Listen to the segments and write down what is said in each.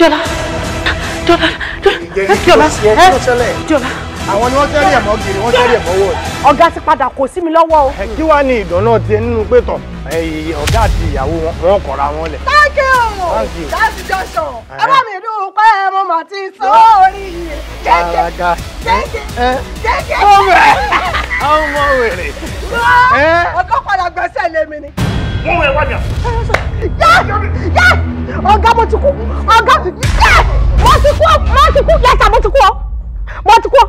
Jọlá Jọlá Jọlá Jọlá. Àwọn ni wọ́n tẹ́rì ẹ̀mọ́ gírí, wọ́n tẹ́rì ẹ̀mọ́ wọ̀. Ọ̀gá ti padà kò sí mi lọ́wọ́ o. Ẹ kí wàá ní ìdáná tiẹ nínú pé tọ̀ ọ̀gá àti ìyàwó wọn kọ̀ra wọn lẹ̀. Thank you. Thank you. Láti jọ sọ, ẹ bá mi dùn pé mo mà ti sọ orí yìí. Jẹ́kẹ́ jẹ́kẹ́ jẹ́kẹ́. Ọmọ wèrè. Ọkọ̀ padà gbẹ́sẹ̀ lé mi ni. Wọ́n wẹ̀ wájà ọ̀gá mo ti kú ọ̀gá mo ti kú mo ti kú yẹ́sà mo ti kú ọ mo ti kú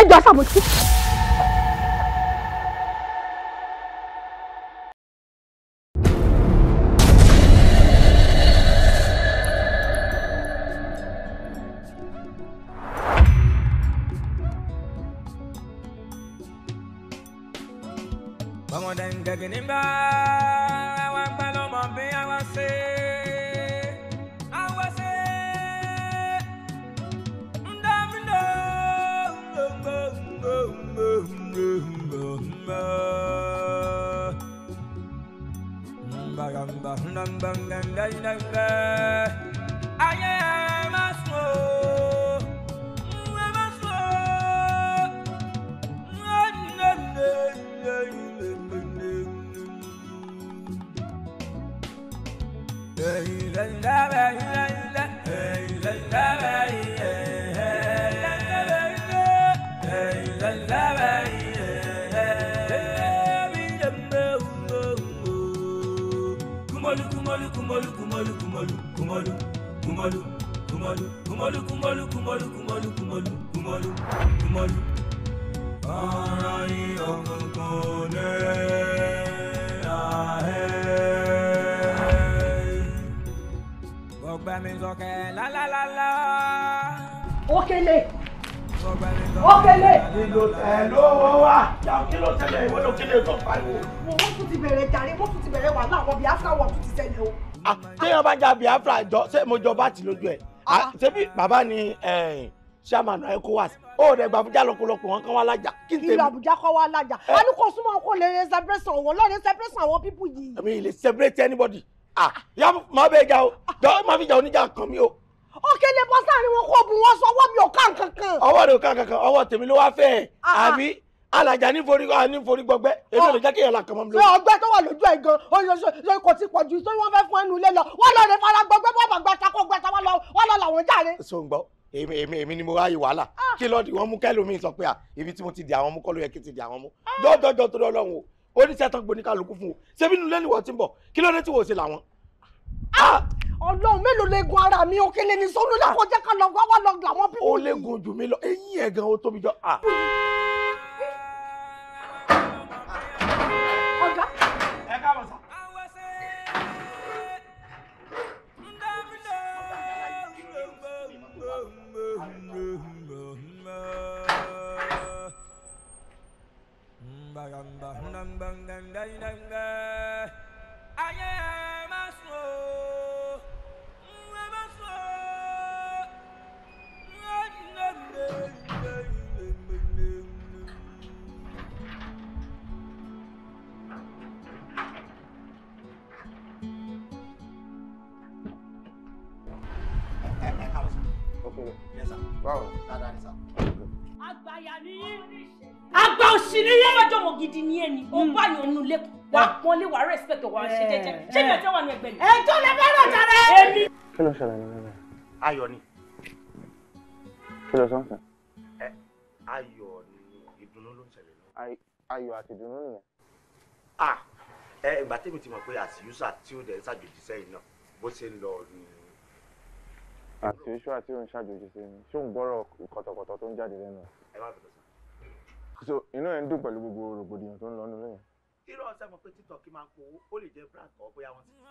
ẹjọ́ mo ti kú. Ah, téèyàn bá jà Biafra jọ ṣé mo jọ bá ti lójú ẹ ah, ah, ṣebí bàbá ni eh, chairman ECOWAS ó rẹ gba Abuja lọ́pọ̀lọpọ̀ wọn kàn wá lájà. ìlú Abuja kọ́ wá lájà alukó eh. súnmọ́ kó lè lè celebration wọn lọ́ọ́ lè celebration àwọn pípù yìí. èmi lè celebrate anybody yà má bẹ jà o jọ má fi jà oníjà kan mi o. Okele bọ́ sáà ni wọn kó bu wọn sọ ọwọ́ mi ò ká nǹkan kan. ọwọ́ rẹ ò ká nǹkan kan ọwọ́ tèmi ló wá fẹ́ ẹ̀ àbí alajà ní forí ní forí gbọgbẹ èmi ò lè jẹ́ kí èèyàn la kàn mọ́ mi lórí. ọgbẹ́ tó wà lójú ẹ̀ gan oṣooṣo kò ti pọ̀ ju tó wọ́n fẹ́ fún ẹnu ilé lọ wọ́n lọ rè fara gbọgbẹ́ bọ́ọ̀bà gbàtà kó gbàtà wọ́n lọ wọ́n lọ làwọn jàre. so ń gbọ́ èmi èmi èmi ni mo ráyè wàhálà ah. kí lọ́ọ̀dì wọn mú kẹ́lòmíì sọ pé à ibi tí mo ti di àwọn mú kọ́ ló yẹ kí ti di àwọn mú ah. jọ́jọ́jọ́ torí ọlọ́run o oníṣẹ́ tán gbóni kálukú fún o ṣebí inú lẹ́nu wọ́n ti ń bọ̀ kí ló dé tí wò ó ṣe làwọn. Ah! ọlọ́run mélòó legun ara mi òkèlè ní sọ́nù lẹ́kọ̀ọ́ jẹ́ ká lọ wá wá lọ làwọn bí. jù mí lọ eyín ẹ̀ gan ó tóbi jọ. tí ó dẹ̀ ń ṣàjòjì sẹ́yìn náà bó ṣe ń lọ ni. àti iṣu àti òun ṣàjòjì sẹ́yìn ṣé òun gbọ́rọ̀ kọ̀tọ̀kọ̀tọ̀ tó ń jáde lẹ́nu. ẹ má bẹ̀rẹ̀ sọ. so inú ẹ̀ ń dùn pẹ̀lú gbogbo rògbòdìyàn tó ń lọ nínú yẹn. irú ọ̀sẹ̀ mọ̀ pé tiktok máa ń powó ó lè jẹ́ brand kan bóyá wọ́n ti tiktok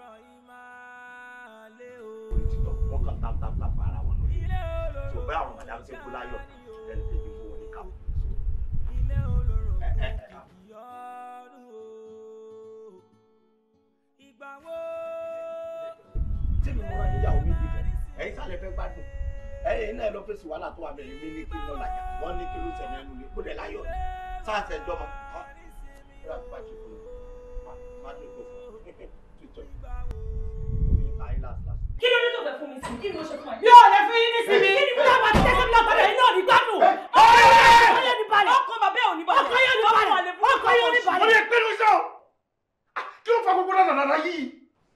lọ́wọ́. tiktok wọ́n kàn tap tèmi mọ́ra níyàwó méjì fún ẹ̀yin sálẹ̀ fẹ́ gbádùn ẹ̀yin náà lọ fèsì wàhálà tó wà bẹ̀rẹ̀ mi ní kí n lọ làjà wọ́n ní kí ló sẹ̀ ní ẹnu lé kúndẹ̀ láyọ̀ ni sáàsẹ̀ jọmọ. kí ló dé tó fẹ́ fún mi sí kí ni mo ṣe fún ẹ. yóò lè fún yín nísìnyí. kí ni mo náà bá ti tẹ́sán náà bọ́dọ̀ yín náà ní gbádùn. ọkọ yẹn ní balẹ̀ ọkọ bàbá ẹ̀ ò ní balẹ̀ ọkọ yẹn ní balẹ̀ ọkọ yẹn ní balẹ̀. mo lè pinnu sọ kí ló fa gbogbo náà nàná yìí.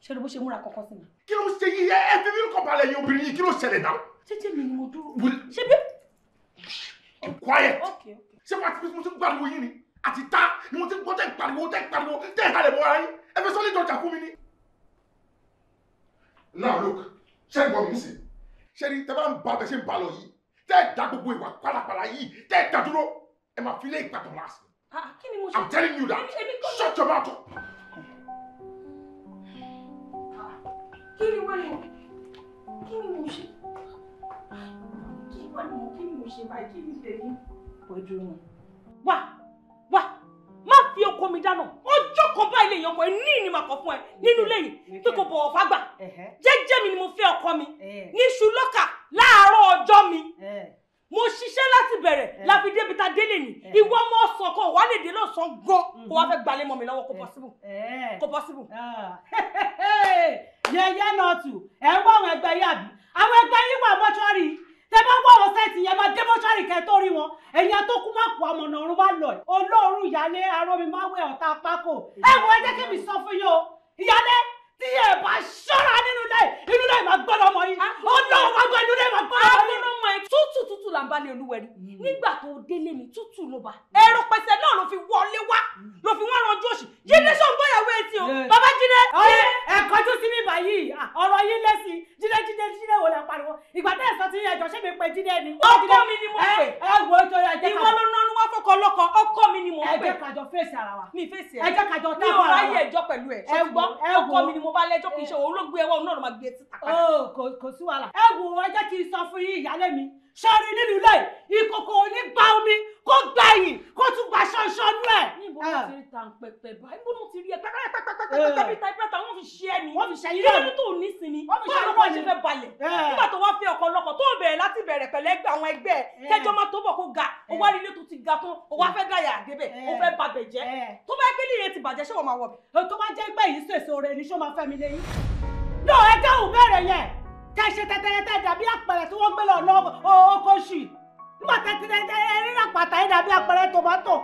ṣé ló bó ṣe múra kankan sí mi kí ló ń ṣe yí ẹ ẹ fi mí kọ́ balẹ̀ yín obìnrin yìí kí ló ṣẹlẹ̀ náà. títí mi ni mo dúró ṣe bí. quiet ṣé wàá ti fi mo ti ń gbàdúró yín ni àti ta ni mo ti ń gbọ́ tẹ́ ń pariwo tẹ́ ń pariwo tẹ́ ń halẹ̀ bọ́ ara yín ẹ fẹ́ sọ́lé ìjọjà fún mi ni. now look ṣé ń gbọ́ mi sí ṣé ni tẹ́ bá ń ba bẹ́ ṣe ń ba lọ yìí tẹ́ ẹ̀ dá gbogbo ìwà pálapàla yìí tẹ́ ẹ̀ dá dúró ẹ máa fi lé ìgbàdàn lásìkò. Ah, kí ni mo ṣe. I'm telling you that shut your mouth up. kí ni wọ́n lè kí ni mo ṣe kí wọ́n lè mọ kí ni mo ṣe báyìí kí ni tèmi. pẹ̀jú wọn. wá wá má fi oko mi dáná ọjọ́ kan báyìí lè yan ọkọ ẹ ní ìnìmọ̀ kan fún ẹ nínú lẹ́yìn kí kò bọ̀wọ̀ fágbà jẹ́jẹ́ mi ni mo fẹ́ ọkọ mi níṣu lọ́kà láàárọ̀ ọjọ́ mi mo ṣiṣẹ́ láti bẹ̀rẹ̀ láfi débi ta délé ni ìwọ ọmọ ọsàn kan wà lè dé lọ́sàn-án gan kó wá mhm. fẹ́ gbalẹ̀ mọ́ mi lọ́wọ́ kò possible kò possible. Ah. yẹyẹ nọọtù ẹ ń wá àwọn ẹgbẹ́ yín àbí àwọn ẹgbẹ́ yín wà mọ́ṣúárì tẹ bá wọ àwọn sẹẹtì yẹn máa dé mọ́ṣúárì kẹ tó rí wọn ẹ̀yin tó kú má kú àmọ̀nà ọ̀run wá lọ olóòórùn ìyálé arọmi má wẹ ọ̀tá pákó ẹ wọ ẹ jẹ́ kí mi sọ fún yín o ìyálé tí ẹ bá ṣọ́ra nínú ilé inú ilé ìmọ̀ gbọ́dọ̀ mọ̀ yín ó lọ́wọ́ gbọ́ inú ilé ìmọ̀ gbọ́dọ̀ mọ̀ yín ẹ tútù tútù là ń bá lé olúwẹrí mm. nígbà tó délé mi tútù ló bá mm. ẹrù pẹsẹ náà ló fi wọlé wá mm. ló fi wọn ranjú òsì jíde sọgbọyàwó etí o bàbá jíde. ọyẹ ẹ kọjú sí mi báyìí ọ̀rọ̀ yín lẹsí jíde jíde jíde wò lẹ pariwo ìgbà tẹ ẹ sọ ti ẹjọ ṣé mi pè jíde ni. ọkọ mi ni mo pè ẹ wo ètò ẹjẹ kájọ ìwọ ló nánú wá fọkọ lọkọ ọkọ mi ni mo pè ẹjẹ kájọ fèsì ara wa mi fèsì ẹjẹ kájọ tá a wà wá mi ò ráyè ẹjọ́ pẹ̀lú ẹ ẹ gbọ́ ọkọ mi ni mo bá lẹ́jọ́ kì í ṣe òun ló gbé ẹwọ òun náà ló máa gbé títà e padà. Oh, kò sí wàhálà ẹ wo ẹ jẹ́ kí sọ fún yín ìyálé mi mi sọ́ọ́rí nílùú lẹ́yìn ìkòkò òní gba omi kó gba ẹ̀yìn kó tún gba ṣanṣan nú ẹ̀. níbo ló ti rí tan pẹpẹ báyìí níbo ló ti rí ẹ pẹpẹpẹpẹpẹ bíi typewriter wọn fi ṣe ẹni wọn fi ṣe ayé lẹ́nu tó ní sinmi tó ló wọn ṣe fẹ́ balẹ̀ nígbà tó wá fẹ́ ọkọ ọlọ́kọ tó bẹ̀rẹ̀ láti bẹ̀rẹ̀ pẹ̀lẹ́ gbẹ àwọn ẹgbẹ́ ẹ kẹjọ máa tó bọ̀ kó ga ó wá tó ti ga tó ó wá fẹ́ dáyà àgébẹ̀ ó fẹ́ babẹ̀ jẹ́ tó bá gbé tẹ́ ṣe tẹ́tẹ́rẹ́ tẹ́ dàbí àpẹẹrẹ tí wọ́n gbé lọ oko ṣì nígbà tẹ́tẹ́rẹ́ tẹ́ rírà pàtà dàbí àpẹẹrẹ tòmátò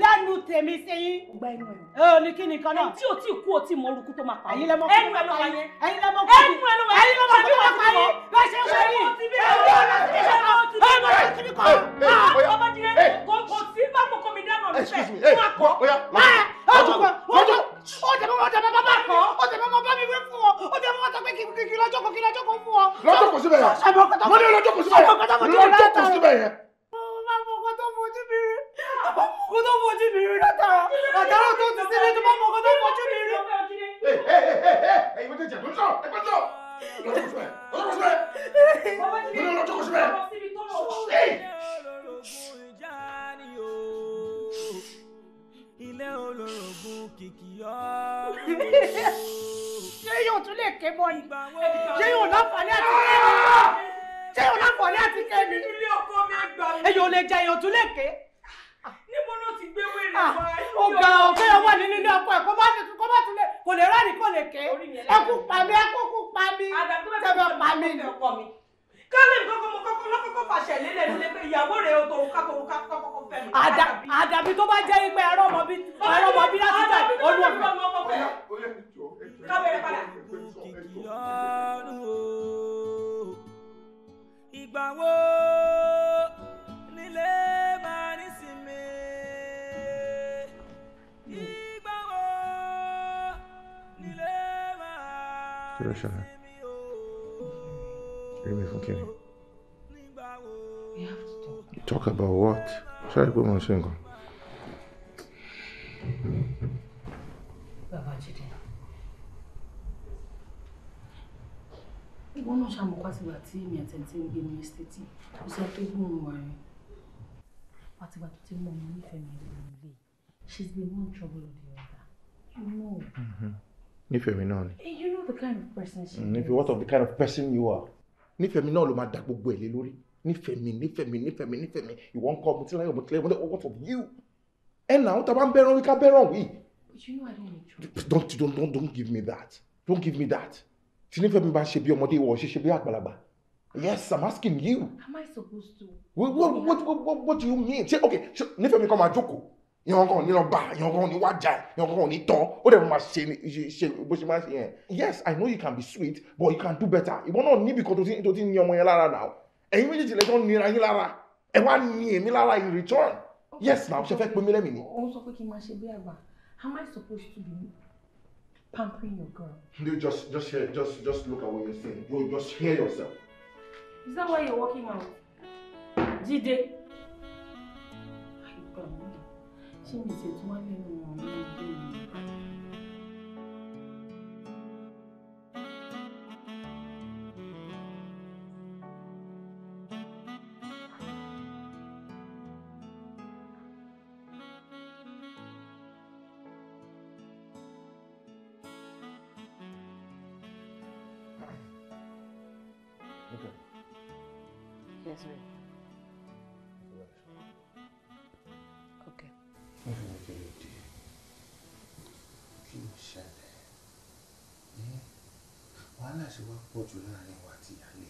lẹ́nu tèmi sẹ́yìn gba ní kí nìkan náà tí o tí kú o tí mọ orúkú tó máa pa ẹ̀yin lẹ́mọ́ ẹnu ẹ̀ ló wáyé ẹ̀yin lẹ́mọ́ kú ẹ̀yin lẹ́mọ́ ẹ̀yin lẹ́mọ́ kú máa pa yín bẹ́ẹ̀ ṣe wọ́n yìí ẹ̀yin lẹ́mọ́ kú ọmọdé kò sí bá mú kọ́mi dáná lọ́sẹ̀ fún akọ ó tẹ̀ mọ́ ọ̀tẹ̀ bàbá bá ó tẹ̀ mọ́ bá mi wé fún ọ ó tẹ̀ mọ́ ọ̀tẹ̀ pé kí lọ́jọ́ fún ọ. lọ́jọ́ síbẹ̀ yẹn mo ní lọ́jọ́ síbẹ̀ yẹn lọ́jọ́ síbẹ̀ yẹn. mo tó fojú mi mi rí látara àtàrà tó ti sílẹ̀ tó bá mo kọ́ mi rí. ẹ ẹ ẹ ẹ ẹ ẹ ìwé tẹ̀ ẹ gbọ́dọ̀ lọ́jọ́ kò síbẹ̀ lọ́jọ́ kò síbẹ̀ ilé olórogún kìkì ọ́. ṣé yóò tún lè ké mọ́ ni ṣé yóò láǹfààní àti ké mi ṣé yóò láǹfààní àti ké mi. ilé ọkọ mi àgbà mi. èyàn ò lè jẹ èyàn tún lè ké. níbo ló ti gbé wẹ́rẹ́ ah, wá. ó ga ọ̀gá ẹ̀ wà nínú ọkọ ẹ̀ kó bá ti kó bá ti lè kò lè rárìn kó lè ké. ẹkú pa mi ẹkú pa mi. àgbà tó bá kálẹ̀ kọ́kọ́ àdàbí tó bá jẹ́ pé ẹ̀rọ ọmọ bí ẹ̀rọ ọmọ bí láti jà olú ọ̀fẹ́. kábẹ̀rẹ̀ wo nílé máa ní sinmi. ìgbà wo nílé máa ní Leave me talk. about what? Sorry, go my single. Bàbá Jídé. Ìwọ náà ṣàmùkọ́ àtìgbà not know, ti ń gbé ní ẹ́stétì. Ó sọ pé gbóhùn wa rẹ̀. Àtìgbà tó ti mú ọmọ to ti mu ilé. She's been one trouble with the other. You know. Mm-hmm. Nífẹ̀ẹ́ mi náà eh, you know the kind of person she mm, is. What of the kind of person you are? nífẹ̀ẹ́ mi náà ló máa dà gbogbo ẹ̀ lé lórí nífẹ̀ẹ́ mi nífẹ̀ẹ́ mi nífẹ̀ẹ́ mi nífẹ̀ẹ́ mi ìwọ ń kọ́ mo ti láyọ̀ mo ti láyọ̀ mo what of you ẹ̀ náà tá a bá ń bẹ́ràn wí ká bẹ́ràn wí. don't don't don't don't give me that don't give me that tí nífẹ̀ẹ́ mi bá ṣe bí ọmọdé ìwọ ṣe ṣe bí àgbàlagbà yes i'm asking you. am i supposed to. what what what what, what do you mean Say, okay nífẹ̀ẹ́ mi kọ́ máa jókòó ìyàn kan ní lọ bá ìyàn kan ní wájà ìyàn kan ní tán ó dẹ̀ máa ṣe ṣe bó ṣe máa ṣe yẹn yes i know you can be sweet but you can do better ìwọ náà níbi kan tó ti ní ọmọ yẹn lára náà ẹ̀yin méjèèjì lẹ́tọ́ nira yín lára ẹ wá ní èmi lára in return yes na ṣe fẹ́ pé mi lẹ́mìí ni. òun sọ pé kí n máa ṣe bí àgbà am i supposed to be pampering your girl. no just just hear just just look at what you're saying you just hear yourself. is that why you're walking out? Jide. ṣé mi ti tún wá lẹ́nu ọ̀rọ̀ mi pọ̀ láàrin wa àti ìyáálé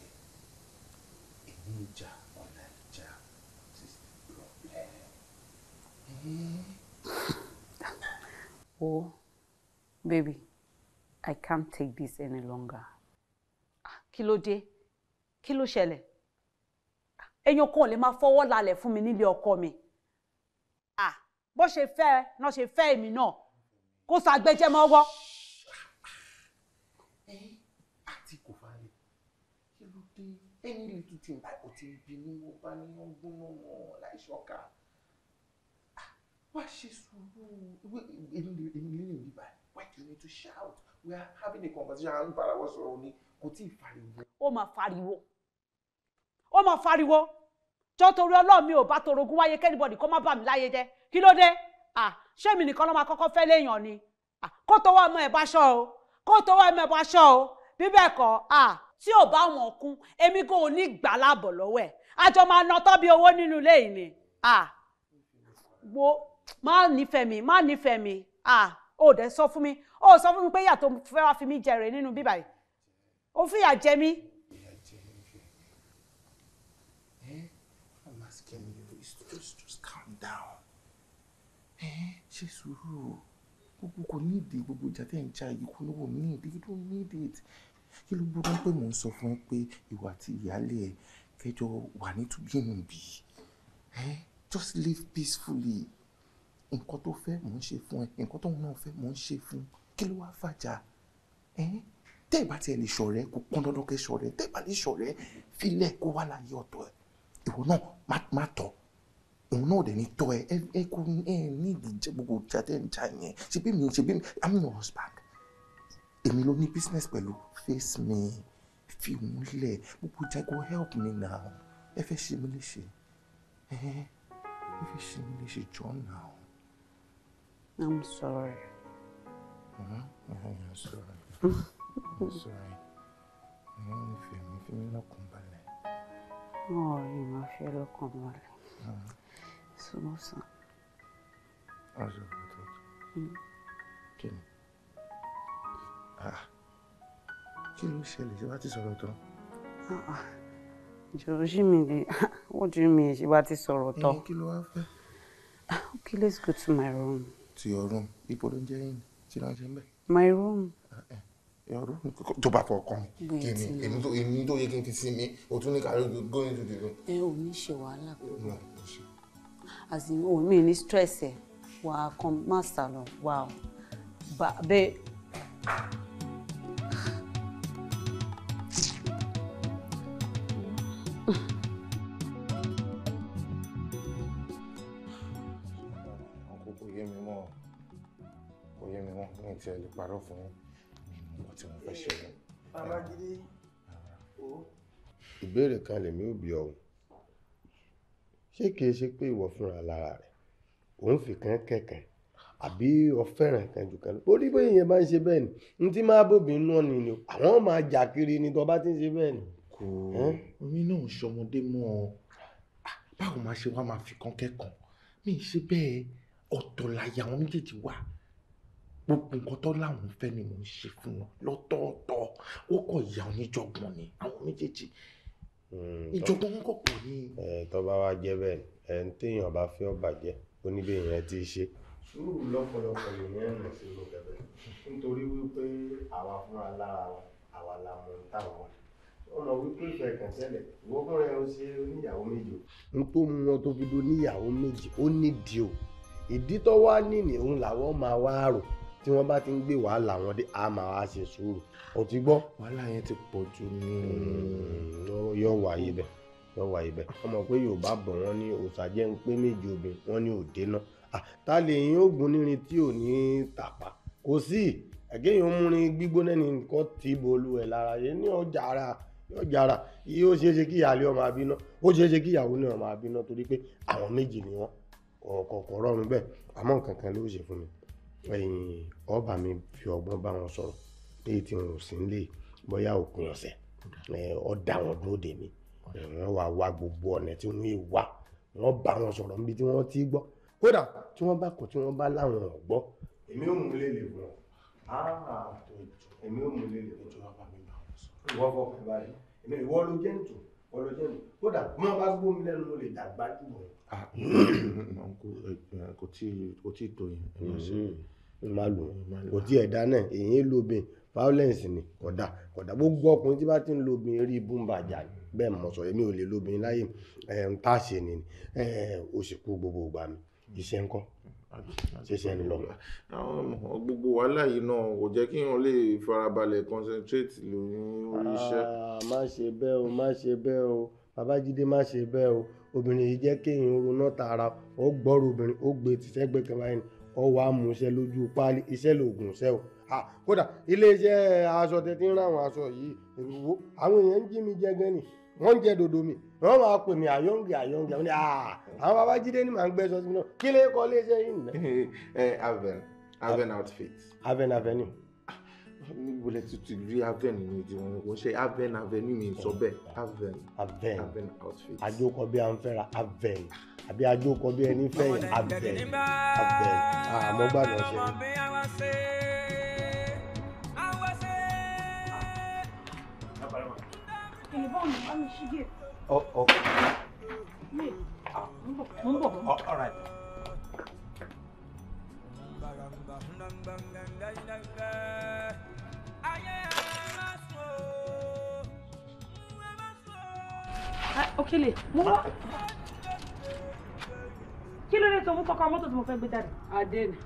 ẹ̀ ìjà ọ̀la ìjà ti rọ̀lẹ́. Oh, baby, I can't take this any longer. Ah, kí ló dé? Kí ló ṣẹlẹ̀? Èèyàn ah, kan ò lè máa fọwọ́ lálẹ̀ fún mi nílé ọkọ mi. Ah, bó ṣe fẹ́ ẹ, náà ṣe fẹ́ èmi náà. Kó sàgbẹ́jẹ́ mọ́wọ́. any little thing báyìí kò ti ń bi ní wọ́n bá ní wọ́n gbóná wọn láìṣọ́ka wá ṣe sùúrù èmi lè rí báyìí why do you need to shout we are having a conversation à ń bára wọ́n sọ̀rọ̀ ni kò tí ì fariwo. ó máa fariwo ó máa fariwo jọ́ torí ọlọ́ọ̀mí ò bá torogún wáyé kẹ́nìbọ̀dì kó má bà mí láyé jẹ́ kí ló dé ṣé èmi nìkan ló máa kọ́kọ́ fẹ́ léèyàn ni kó tó wá ọmọ ẹ̀ bá ṣọ́ o kó tó wá ọmọ ẹ̀ bá ṣọ́ o bíbẹ̀ kọ́ tí ò bá wọn kún èmi kò ní gbà láàbọ̀ lọ́wọ́ àjọ máa ná tọ́ bí owó nínú ilé yìí ni wo má nífẹ̀ẹ́ mi má nífẹ̀ẹ́ mi ò dẹ̀ sọ fún mi ò sọ fún mi pé ìyà fẹ́ wá fi mí jẹrè nínú bíbá yìí ó fìyà jẹ mí. ṣe sùúrù gbogbo kò ní ìdí gbogbo ìjà tẹ̀ ń ja ìyókù lówó mi ìdí you don't need it kí ló burú pé mò ń sọ fún ẹ pé ìwà àti ìyáálé kẹjọ wà nítubí nù bí just live peacefully nǹkan tó fẹ́ mò ń ṣe fún ẹ nǹkan tó náà fẹ́ mò ń ṣe fún kí ló wá fàjà tẹ́ ẹ bá tiẹ̀ lè ṣọ̀rẹ́ kó kún dandan kẹ́ ṣọ̀rẹ́ tẹ́ ẹ bá lè ṣọ̀rẹ́ filẹ̀ kó wà láyé ọ̀tọ̀ ẹ ìwọ náà má tọ̀ òun náà dẹ̀ ní tọ́ ẹ ẹ kò ẹ ní ìdíje gbogbo ìjà ń jà yẹn ṣe bí mi ṣe bí mi i'm your husband èmi ló ní business pẹ̀lú face me fi vou lẹ̀ gbogbo jago help me now ẹ fẹ́ ṣe mí léṣe ẹ fẹ́ ṣe mí léṣe john now. I'm sorry. Uh-huh. I'm sorry. I'm sorry. Me ń me mi fi mi lọ́kàn balẹ̀. Mo rí ma fi lọ́kàn balẹ̀. Sọ́mọ́sán. Aṣọ àtọ́jú. Kí ni? Ah. kí ló ṣẹlẹ̀ ṣe bá ti sọ̀rọ̀ tán. jọ̀rọ̀ ṣì mí lè wọ́n ju mi ṣe bá ti sọ̀rọ̀ tán. ẹyin kí ló wá fẹ́. Ah, okay let's go to my room. to your room ibo ló ń jẹ́ yín tí ló ṣe ń bẹ̀. my room. Ah, eh. your room tó bá fọ ọkàn kìíní èmi tó èmi tó yẹ kí n fi sí mi o tún ní kárí go into the room. ẹ ò ní ṣe wàhálà kúrò. as in o mi ní stress ẹ wà á má sálọ wà bẹ́ẹ̀. ṣe lè parọ́ fún mímú nǹkan tí mo fẹ́ ṣe lọ. bàbá gidi o. ìbéèrè kan lèmi ò bí ọ̀hún ṣé kìí ṣe pé ìwọ fúnra lára rẹ òun fi kan kẹ̀kẹ́ àbí ọfẹ́ràn kan jù bóyá ìyẹn bá ń ṣe bẹ́ẹ̀ ni n ti máa bòbí nù ọ̀nì ni àwọn máa jà kiri ni tó bá ti ń ṣe bẹ́ẹ̀ ni. kò omi náà ṣọmọdé mọ́ ọ báwo máa ṣe wá máa fi kan kẹ́kọ̀ọ́ mi ṣe bẹ́ẹ̀ ọ̀tọ̀ làyà àwọn méjèèjì wà gbogbo nǹkan tó láwọn fẹ́ ni mò ń ṣe fún wọn lọ́tọ̀ọ̀tọ̀ ó kàn ya oníjọ̀gbọ̀n ni àwọn méjèèjì hmm, ìjọba wọn kò pọ̀ ní. tó bá wá jẹ́ bẹ́ẹ̀ ẹ̀ ń téèyàn bá fẹ́ ó bàjẹ́ ó ní bí èèyàn ti ṣe. sùúrù lọ́pọ̀lọpọ̀ nìyẹn rìn sí inú kẹfẹ́ nítorí wípé àwa fúnra lára wa àwa la mọ táwọn wa ọ̀nà wípé ìfẹ́ kàn tẹ́lẹ̀ ìwọ fúnra ẹ ó ṣe oníyàwó méje. n tó mú wọn tó fi do níyàwó méje ó nídìí o ìdí tó wá nìyí òun làwọn máa wá rò tí wọ́n bá ti ń gbé wàhálà wọn dé a máa wá ṣe sùúrù o ti gbọ́. wàhálà yẹn ti pọ̀ jù ní. yóò wáyé bẹ́ẹ̀ yóò wáyé bẹ́ẹ̀ ọmọ pé yorùbá bọ̀ wọ́n ní òṣàjẹ́ ń pé méjì obìnrin wọ́n ní òde náà ta lè yín oògùn nírin tí ò ní tàpá kò sí ẹ̀gẹ́yìn múrin gbígbóná ní nǹkan tí bolú ẹ̀ lára yẹn ní ọjà ara yóò jara yìí ó ṣeéṣe kí ìyáálé ọmọ abiná ó ṣeéṣe kí ìyàwó náà ọmọ abiná torí pé àwọn méjì ni wọn ọ̀kọ̀ọ̀kọ̀ rọrùn bẹ́ẹ̀ àmọ́ nǹkan ló ṣe fún mi ọba mi fi ọgbọ́n bá wọn sọ̀rọ̀ léyìí tí wọn ò sí nílé bóyá òpin ọ̀sẹ̀ ọ dá wọn dúró dè mí wọn wá wá gbogbo ọ̀nà tí wọn wá wọn bá wọn sọ̀rọ̀ níbi tí wọ́n ti gbọ́ kódà tí wọ́n bá kọ̀ tí wọ́n bá láwọn ò gbọ́. èmi ò mú lélẹ̀ wọn èmi ò mú lélẹ̀ wọn ìjọba bá mi bá wọn sọ. ìwọ fọkàn báyìí èmi ìwọ ló jẹ́ ǹtò ìwọ ló jẹ́ ǹtò kódà bí wọ́n bá gbó mi lẹ́nu mo lè dàgbà jù wọ́n. kò tí ì tó yẹn máa lù wọ́n kò tí ẹ̀ dáná èyí ń lo obìnrin violence ni kódà kódà gbogbo ọkùnrin tí bá ti ń lo obìnrin rí ibú ń bàjá bẹ́ẹ̀ mọ̀ sọ èmi ò lè lo obìnrin láyè ẹ̀ ń tà ṣe ni ó sì kú gbogbo ìgbà mi iṣẹ́ ńkọ́ ṣiṣẹ́ ń lọ. àwọn ọmọ gbogbo wàhálà yìí náà kò jẹ́ kí wọ́n lè farabalẹ̀ concentrate lórí iṣẹ́. Ah, má ṣe bẹ́ẹ̀ o má ṣe bẹ́ẹ̀ o babájídé má ṣe bẹ́ẹ̀ o obìnrin yìí jẹ́ kéèyàn ronú tààrà ó gbọ́rọ̀ obìnrin ó gbé tìṣẹ́gbẹ́ kan báyìí ọwọ́ amúṣẹ lójú páálí iṣẹ́ lóògùn ṣẹ́ o kódà iléeṣẹ́ aṣọ tẹ́tí ń ráwọn aṣọ yìí èrúwó àwọn èèyàn ń jí mi jẹ ni wọ́n ń jẹ dòdò mi wọ́n máa pè mí àyọ̀ǹgì àyọ̀ǹgì àwọn àwọn bàbá jídé ni màá ń gbẹ́sọ sí mi náà kí lè kọ́ iléeṣẹ́ yìí nìyẹn. ẹ eh, aven aven outfit. aven avenue. Ah, níbo lẹ ti rí aven ní ìdí wọn ṣe aven avenue mi sọ bẹ́ẹ̀ aven aven outfit. bí a ń aven. àbí ajó kọ bí ẹni fẹ̀yìn abẹ abẹ àmọ́ gbàdọ̀ ṣe. Oh, oh. oh ah, okay, kí ló dé tó mú kọ́kọ́ mọ́tò tí mo fẹ́ gbé jáde. adé ni.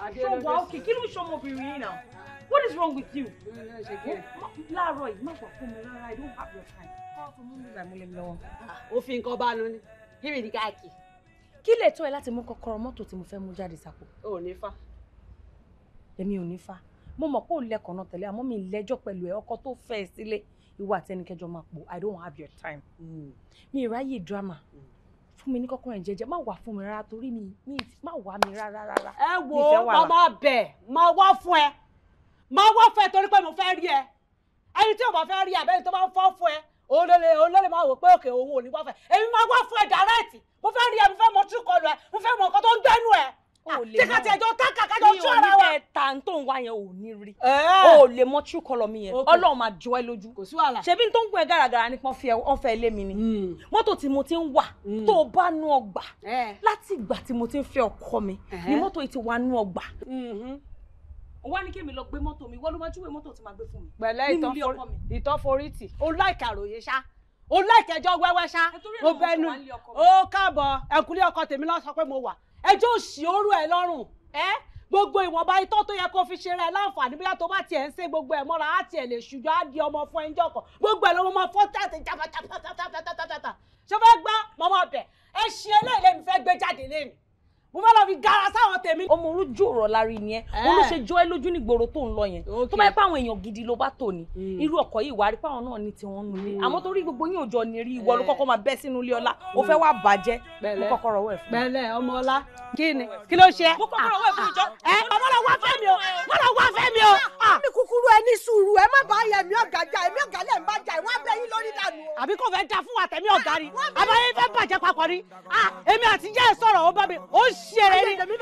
ṣọwọ́ òkè kí ló ń ṣọmọ obìnrin yìí náà what is wrong with you. láàárọ̀ yìí má wà fún mi rárá i don't have your time. kọ́ọ̀tù mú mi gbàmúlẹ̀ lọ́wọ́. òfin ah. nǹkan bá lóní kí ni káàkì. kí lè tó ẹ láti mú kọ́kọ́rọ́ mọ́tò tí mo fẹ́ mú jáde sápò. o ò ní fa. èmi ò ní fa mo mọ̀ pé ò lẹ́kọ̀ọ́ náà tẹ̀lé àmọ́ mi lẹ́jọ́ pẹ̀lú ẹ ọkọ tó fẹ́ ẹ sílé ìwà àtẹnikẹ́jọ máa pọ̀ i don't have your time. Hmm. mi ìráyè drama. Mm fún mi ní kọ́kọ́ ẹ̀ jẹ́jẹ́ má wà fún mi rárá torí mi má wà mí rárá rárá. ẹ wo mo máa bẹ̀ wá fún ẹ mo wá fún ẹ torí pé mo fẹ́ rí ẹ ẹni tí o bá fẹ́ rí ẹ abẹ́ni tó bá ń fọ́ fún ẹ òun ló máa wò pé òkè òun ò ní wá fún ẹ èmi máa wá fún ẹ dàrẹ́ẹ̀tì mo fẹ́ rí ẹ mo fẹ́ mọ true colour ẹ mo fẹ́ mọ nǹkan tó ń gbẹ́nu ẹ tí ah, ká tẹjọ táka kájọ tú ara wa. mi ò ní bẹ ta n tó ń wá yẹn ò ní rí. o ò lè mọ true colour mi yẹn ọlọ́run máa jọ ẹ lójú. kò sí wàhálà. ṣebí n tó ń gun ẹ gàràgàrà nípa ọ̀fẹ́ ilé mi ni. Hmm. mọ́tò tí mo ti ń wà hmm. tó o bá nú ọgbà láti ìgbà tí mo ti ń fẹ́ ọkọ mi ni mọ́tò yìí ti wà nú ọgbà hmm. wá ní kémi lọ gbé mọ́tò mi wọ́n ló wájú ìwé mọ́tò tí máa gbé fún mi. pẹ̀lẹ́ ìtọ́forítì ó láìka àròyé ṣá ó bẹnu ó káàbọ̀ ẹ̀kúlé ọkọ tèmi ló sọ pé mo wà ẹjọ́ òṣì orú ẹ lọ́rùn ẹ gbogbo ìwọ̀nba itọ́ tó yẹ kó fi ṣe ra ẹ láǹfààní bóyá tó bá tiẹ̀ ń ṣe gbogbo ẹ̀ mọ́ra á tiẹ̀ lè ṣùjọ́ á di ọmọ fún ẹjọ́ kan gbogbo ẹ̀ lọ́mọ fọ́ tàtí jàpátàpátàpátàpátà ṣé fẹ́ gbọ́ mọ́mọ́ ọbẹ̀ ẹ ṣe eléyìí lèmi fẹ́ gbé jáde lẹ́nu mo fẹ́ lọ fi gara sáwọn tèmi. ọmọ orújú ọ̀rọ̀ lárí ni ẹ olóṣè eh. jọ ẹ lójú nígboro tó ń lọ yẹn tó bá yẹ pé àwọn èèyàn gidi ló bá tò ní hmm. irú ọkọ yìí wà á rí pé àwọn náà ní tiwọn nulẹ̀ hmm. àmọ́ torí gbogbo yín òjò ní rí ìwọ ló eh. kọ́kọ́ máa bẹ́ sínú ilé ọlá o hmm. fẹ́ wá bàjẹ́ mo kọ́kọ́ rọwọ́ ẹ̀ fún mi. pẹ̀lẹ́ ọmọ ọlá kí ni kí ló ṣe. mo kọ́kọ́ rọwọ́ ẹ̀ fún ìjọ. ẹ ọmọ lọ wá fẹ́ mi o mo lọ wá fẹ́ mi o. Ah! Ah! sí ẹrẹ ni àbá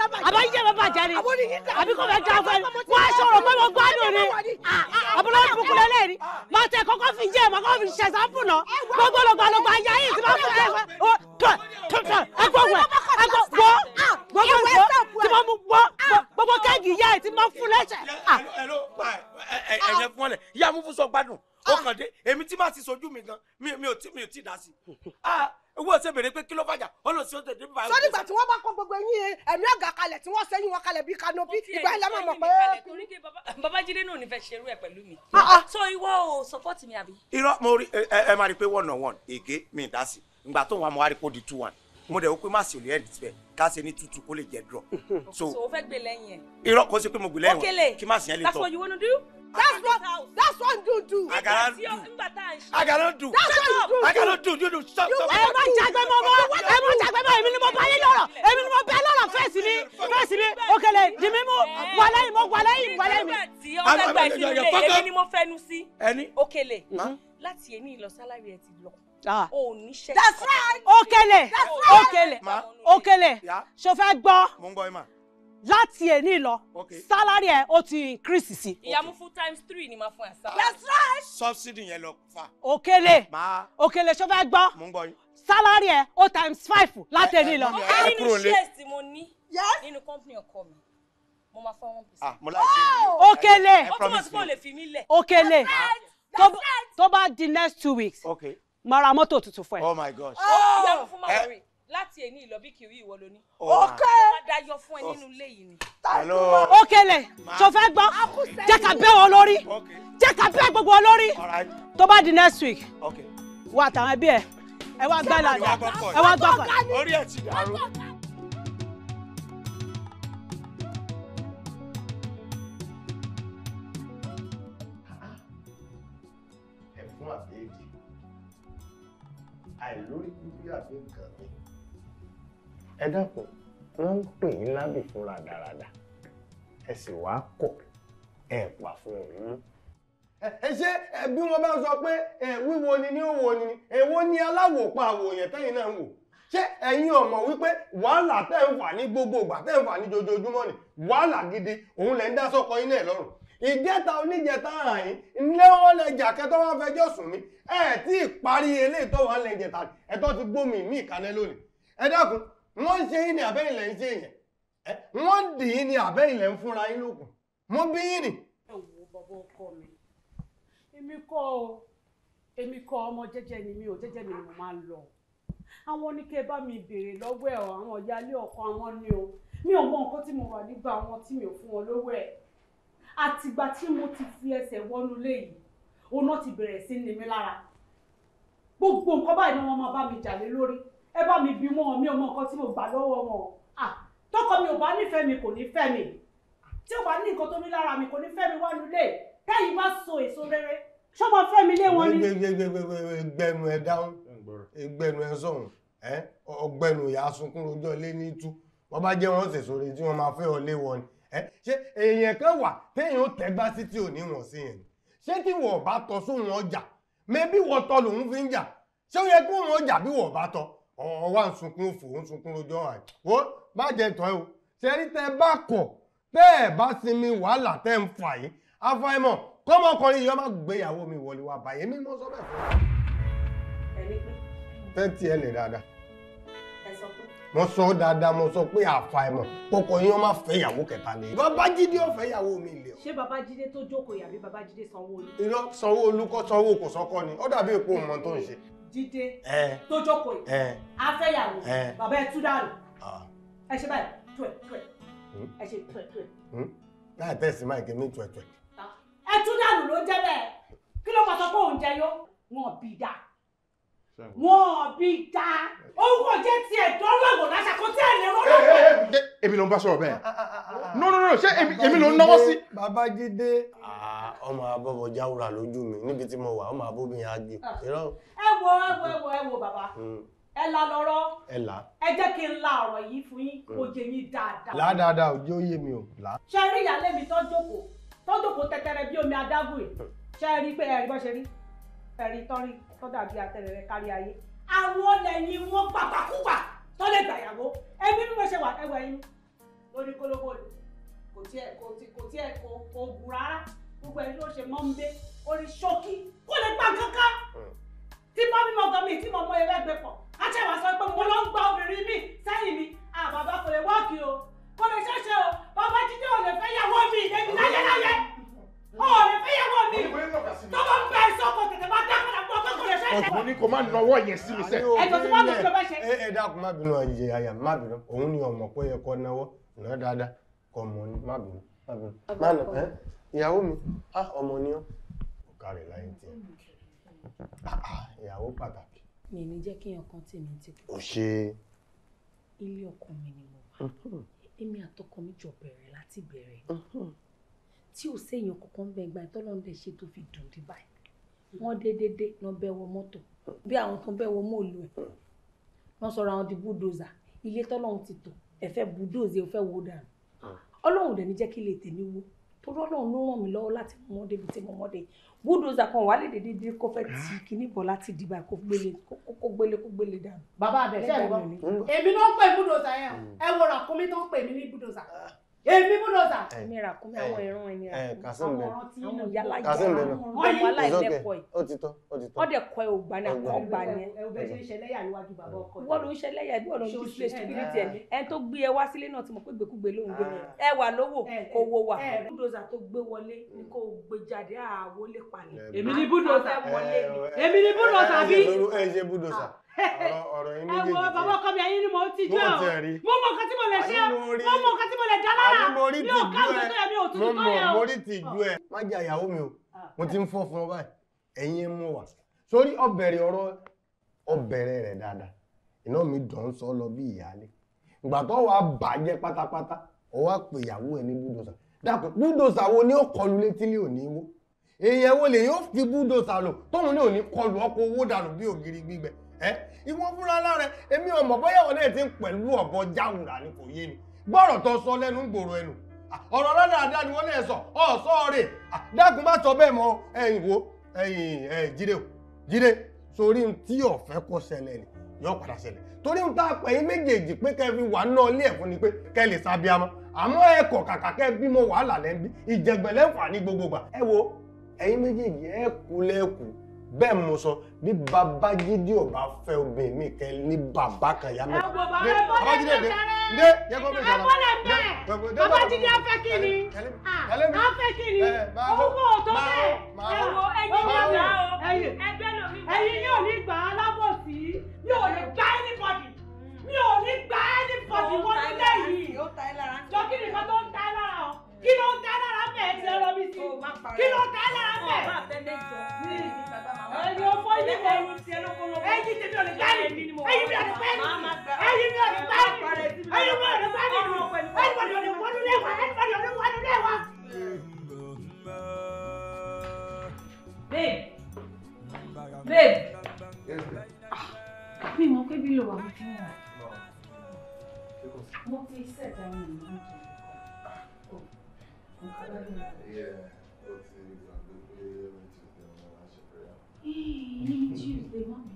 yíyá bá bàjẹ́ ni àbí kò fẹ́ já fún ẹ wọ́n á sọ̀rọ̀ pé mo gbádùn ni àbúrò ìbùkún lẹ́lẹ́ rí máa tẹ kọ́kọ́ fi jẹ́ màá kọ́kọ́ fi ṣẹ̀ sáfù náà gbogbo lọ́gbà lọ́gbà ayé ayé tí máa fún jẹ́ o oh, tó tó tó ẹgbọ́ wẹ̀ ẹgbọ́ wọ́ ah, gbogbo wọ́ tí máa mú wọ́ ah. gbogbo kẹ́gì yá ẹ̀ tí máa fún lẹ́sẹ̀. ẹ̀yẹ ah. fún ọ̀lẹ̀ yá mú fún sọ gbádùn ó kàn dé èmi tí máa ti sojú mi gan mi ò tí mi ò tí dá sí i owó ọsẹ bèrè pé kí ló fàjà ọlọ sí ọtẹ débà. sọ nígbà tí wọn bá kó gbogbo eyín ẹmí ọgà kalẹ̀ tí wọn sẹ́yìn wọn kalẹ̀ bíi kanopi ìgbà yẹn lọmọ mọ pé. babajide náà ò ní fẹ́ ṣerú ẹ pẹ̀lú mi. Ah, ah. so ìwọ o support mi àbí. irọ́ mo rí ẹ máa rí i pé one on one ègé mi ì dá sí ìgbà tó ń wa mo wá rí kó di two one mo dẹ̀ wò pé má sì olè ẹ̀dì síbẹ̀ ká ṣe ní tútù kó lè jẹ́ draw. so o fẹ́ gbé lẹ́yìn ẹ̀. irọ́ kò sí pé mo gbé lẹ́yìn wọn kí má sì yẹn lè tọ́. that's what you wanna do. That's what that's what you do. I cannot do. I cannot do. That's what you do. I cannot do. You do. Stop. Stop. Ẹ má jagbe mọ́ mọ́. Ẹ má jagbe mọ́. Èmi ni mo bá yín lọ́rọ̀. Èmi ni mo bẹ lọ́rọ̀ fẹ́ẹ̀sì ni. Fẹ́ẹ̀sì ni. Òkèlè dì mí mú. Wà lẹ́yìn mo wà lẹ́yìn wà lẹ́yìn mi. Àwọn ọmọ ẹgbẹ́ ìṣẹ̀lẹ̀ èmi ni mo fẹ́nu sí. Ẹni. Òkèlè. Láti èmi lọ sálárì ẹ ti lọ. Ah. O ní That's right. Òkèlè. That's right. Òkèlè. Òkèlè. Ṣo fẹ́ gbọ́? Mo ń gbọ́ ẹ máa láti èní lọ sálárì ẹ ó ti increase sí. ìyàmú fún times three ni màá fún ẹ sá. that's right. subsidy yẹn lọ fà. òkèlè òkèlè ṣó fẹ́ gbọ́. mo ń gbọ́ yín. sálárì ẹ ó times five láti èní lọ. ọkọ mi ní shares tí mo ní nínú company ọkọ mi mo máa fọ́ one percent. mo láì dé mi. òkèlè ó túmọ̀ sí pé o lè òkèlè tó bá di next two weeks Okay. mara mọ́tò tuntun fún ẹ. oh my gosh. ìyàmú fún màmá láti èní ìlọbíkiri ìwọ ló ní. dayọ fún ẹ nínú ilé yìí ni. ó kẹlẹ̀ sọfẹ́ gbọ́ jẹ́ ká bẹ́ wọn lórí jẹ́ ká bẹ́ gbogbo wọn lórí tó bá di next week wà àtàwọn ẹbí ẹ ẹ wá gbẹ́lá ẹ wá gbọ́kọ̀. orí ẹ̀ ti àìlórí kúrú àbí nǹkan. ẹ dákun wọ́n ń pè yín lábì fún rádaràda ẹ sì wá ẹ fún òun ṣe bí wọ́n bá sọ pé wíwo ni ní òwò ni èwo ni aláwò pa wò ṣé ẹ̀yin ọmọ wípé wàhálà tẹ ń ní gbogbo ìgbà ń ní ni wàhálà gidi òun lẹ ń dá wọ́n ṣe yín ni àbẹ́yìn lẹ́ ń ṣe yẹn wọ́n dì í ni àbẹ́yìn lẹ́ ń fúnra yín lókun mo bí yín ni. ẹ wo bàbá ọkọ mi èmi kọ́ o èmi kọ́ ọmọ jẹ́jẹ́ ni mi ò jẹ́jẹ́ mi ni mo máa ń lọ àwọn oníkẹ́ bá mi béèrè lọ́wọ́ ẹ̀ àwọn ìyáálé ọkọ àwọn ni o mi ò mọ nǹkan tí mo wà nígbà wọn tí mi ò fún wọn lọ́wọ́ ẹ̀ àtìgbà tí mo ti fi ẹsẹ̀ wọnú ilé yìí òun náà ti bẹ̀rẹ̀ sí ní mi lára gbogbo nǹkan báyìí ni wọ́n máa bá mi jà lé lórí ẹ bá mi bí wọn mi ò mọ nǹkan tí mo gbà lọ́wọ́ wọn tọkọ mi ò bá nífẹ̀ẹ́ mi kò ní fẹ́ mi tí ò bá ní nǹkan tó ní lára mi kò ní fẹ́ mi wá nílé tẹ́yìn bá so èso rere ṣé ọmọ fẹ́ mi lé wọn ni. gbẹnu ẹ dáhùn gbẹnu ẹ sọhùn ọgbẹnu ìyá sunkún lójọ lé ní tú wọn bá jẹ wọn sèso rẹ tí wọn máa fẹ́ ọ wọn ni ṣé èèyàn kan wà téèyàn ó tẹgbá sí tí ò ní wọn sí yẹn ṣé tí wọn ò bá tọ sóhun ọjà mẹbí wọn tọ lòun fi ń jà ṣé ó yẹ kí wọn ọjà bí wọn ò bá tọ ọ̀hún wà ń sunkún òfò ń sunkún lójọ́ àì ó má jẹ́ tọ́ ẹ o ṣe rí tẹ bá kọ̀ tẹ́ ẹ̀ bá sinmi wàhálà tẹ́ ń fà yìí afáìmọ̀ kọ́mọkùnrin yìí ọmọ gbéyàwó mi wọlé wa bàyẹ̀ mímọ́ sọ́bẹ̀ fún mi. ẹ ní pẹ́. tẹ́tí lè dáadáa mo sọ dáadáa mo sọ pé àfàìmọ̀ kókó yín ó má fẹ́ ìyàwó kẹta ni. babájídé ó fẹ́ ìyàwó mi lè. ṣé babájídé tó jókòó yàbí babájídé sanwó-olú. irọ́ sanwó-olú kọ́ sanwó kò sọ́kọ́ ni ó dàbí èpo mọ tó ń ṣe. jíde tó jókòó yìí afẹ́yàwó bàbá ẹ tú dànù ẹ ṣe báyìí tú ẹ tú ẹ ẹ ṣe tú ẹ tú ẹ. láì tẹ̀sí máa gé ní tú ẹ tú ẹ. ẹ tú dànù ló jẹ́ bẹ́ẹ̀ kí ló máa sọ pé òun jẹ yó wọn bì dáa wọn bí da owó jẹ tiẹ dọwọ wò láṣà kó tẹ ẹ lè rọrùn. èmi ló ń bá sọ̀rọ̀ bẹ́ẹ̀ no no no ṣé èmi ló ń náwó sí. babájídé. Ah, ọmọ abọ́bọ̀ jáwúra lójú mi níbi tí mo wà ọmọ abóbìnrin àgbè. ẹ wo ẹ wo ẹ wo ẹ wo bàbá hmm. ẹ la lọ́rọ̀ ẹ la ẹ jẹ́ kí n la ọ̀rọ̀ yìí fún yín kó yé hmm. yín dáadáa. là á dáadáa òjò yé mi ò là. ṣe rí ìyáálé mi tó jókòó tó jókòó bí omi adágún yìí ṣe rí pé ẹ rí ṣe rí ẹ rí tó dàbí atẹ́lẹ̀rẹ̀ kárí ayé àwọn ọ̀lẹ̀ ni wọ́n pàpàkùpà tó lè gbàyàwó ẹbí bí mo ṣe wà ẹwà yín lórí kólóbó ni kò tiẹ̀ kò tiẹ̀ kò gùn rárá gbogbo ẹni ló ṣe mọ́ ń gbé orí ṣókí kó lè gbà kankan hmm. tí bọ́ mímọ gan mi tí mo mọ ẹgbẹ́ gbẹ pọ̀ aṣẹ́wà sọ pé mo lọ ń gba obìnrin mi sẹ́yìn mi àbàbà kò lè wọ́ọ̀kì o kò lè ṣẹ́ṣẹ́ o bàbá jíjẹ́ ò lè fẹ́ yàwó mi ìdẹ́bi láyé láyé ò lè fẹ́ yàwó mi tó bá ń bẹ ìṣọ́kò tètè bá dákúrà mo ní kó má nọwọ́ yẹn sí mi sẹ́. ẹjọ tí wọn lè fi ọba ṣe. ẹ ẹ dákun má bínú ọjẹ àyà má bínú òun ni ọmọ pé yẹ kọ náwó náà dáadáa kọ ọmọ ni má bínú má bínú. má nà ẹ ìyàwó mi á ah, ọmọ ni ọ. kò kárẹ̀ láyé tiẹ̀ ah, ah, ìyàwó pàtàkì. mi ní jẹ́ kí ọkàn tèmi ti kú. o ṣe. ilé ọkọ mi ni mo wà èmi àtọkọ mi jọ bẹ̀rẹ̀ láti bẹ̀rẹ̀ tí ò séèyàn kankan bẹ̀ gbà tọ́lọ́ndẹ̀ ṣe tó fi dùn dí báyìí wọ́n dé dédé náà bẹ́ wọ mọ́tò bí àwọn kan bẹ́ wọ mọ́ọ̀lù ẹ̀ wọ́n sọ̀rọ̀ àwọn di búdòzà ilé tọ́lọ́run ti tò ẹ̀fẹ́ búdòzè ẹ̀fẹ́ wò dànù ah. ọlọ́run dẹ̀ ní jẹ́ kí lè tèmi wo torí ọlọ́run ló ràn mí lọ́wọ́ láti mú ọmọdé bíi tí mo mọ́dé búdòzà kan wà lè dédé dé kó fẹ́ ti ah. kíní bọ̀ láti dìbà kó gbélé kó gbélé kó gbélé dànù. bàbá àbẹ̀ṣẹ́ ìwọ èmi ló ń pè búdòzà yẹn hmm. ẹ wo ràkúnmí tó ń pè mí ní búdòzà èmi mú sà. èmi kún mi àwọn ìran ẹni rà kún mi àwọn ọ̀ràn tí ìlú ya yàrá àwọn wàhálà ìlẹ́kọ̀ọ́ yìí. ó ti tọ́ ó ti tọ́. ọ̀dẹ̀ kọ ìgbà ni àkọ́ gbà ni. ẹ̀wọ̀n ṣe ń ṣẹlẹ́yà níwájú bàbá ọkọ rẹ̀. wọ́n ló ń ṣẹlẹ́yà bí wọ́n ló ń display stupidity ẹ̀ ẹni tó gbé ẹ wá sílé náà ti mọ̀ pé gbèkúgbè ló ń gbé ẹ wà lówó kò wo wà. búdòzà tó gbé ọ̀rọ̀ yín méjèèjì ẹ wo bàbá ọkọ mi ayé ni mo ti jẹ́ o mo mọ nǹkan tí mo lè ṣe mo mọ nǹkan tí mo lè dá lára mi ò ká òtútù mi ò tútù tó yẹ o. mo ẹ má mi o mo ti ń fọ́ fún ọ báyìí mú wa sórí ọbẹ̀rẹ̀ ọ̀rọ̀ mi dàn ń sọ lọ bí ìyáálé ìgbà tó wàá bàjẹ́ pátápátá wá pè ìyàwó ẹ ní wo ni ó kọlu létí ní òní èèyàn wo fi búdòsà lò tóun ní òní kọlu ọkọ̀ owó ìwọ fúnra lára èmi ọmọ bóyá wọlé ti ń pẹ̀lú ọ̀bọ jáwùrà ni kò yé ni gbọ́rọ̀ tó sọ lẹnu ń gbòòrò ẹnu ọ̀rọ̀ ládàáda ni wọ́n lè sọ ọ̀sọ́ rè dákun bá sọ mọ ẹyin wo jíde o jíde tí kọ́ ni yóò padà torí ń tá a méjèèjì pé wà náà lé ẹ bẹ́ẹ̀ mo sọ bí Babájídé ò bá fẹ́ obìnrin mi kẹ́ ní bàbá kan yá mẹ́ta. ẹ wo bàbá ẹ bọ́lẹ̀ bẹ̀rẹ̀ ndé yẹ́kọ́ bẹ̀rẹ̀ ẹ bọ́lẹ̀ bẹ̀rẹ̀ Babájídé á fẹ́ kí ni á fẹ́ kí ni owó tó bẹ̀ ẹ wo ẹyin yóò gbà ó ẹgbẹ́ lómi. ẹyin yóò ní gbà á lábòsí mi ò lè gbà anybody mi ò ní gbà anybody wọ́n nílẹ̀ yìí jọ́kìrì kan tó ń ta ẹ lára o kí ló ń ta lára bẹ́ẹ̀ ti ọ̀rọ̀ mi sí kí ló ń ta lára bẹ́ẹ̀. ẹyin ọfọ ilé kọ ẹyin tèmi ò lè gbá mi ẹyin mi ò lè gbá mi ẹyin mi ò lè gbá mi ẹyin mi ò lè gbá mi ẹyin mi ò lè wọnú lẹ́wà ẹyin mi ò lè wọnú lẹ́wà. babe babe mi mọ pé bí lo wà mo ti wà mo fi ṣẹ̀dá mi Yeah, ó ti gbàgbé pé every Tuesday wọn máa ṣe prayer. Ní Tuesday má mi.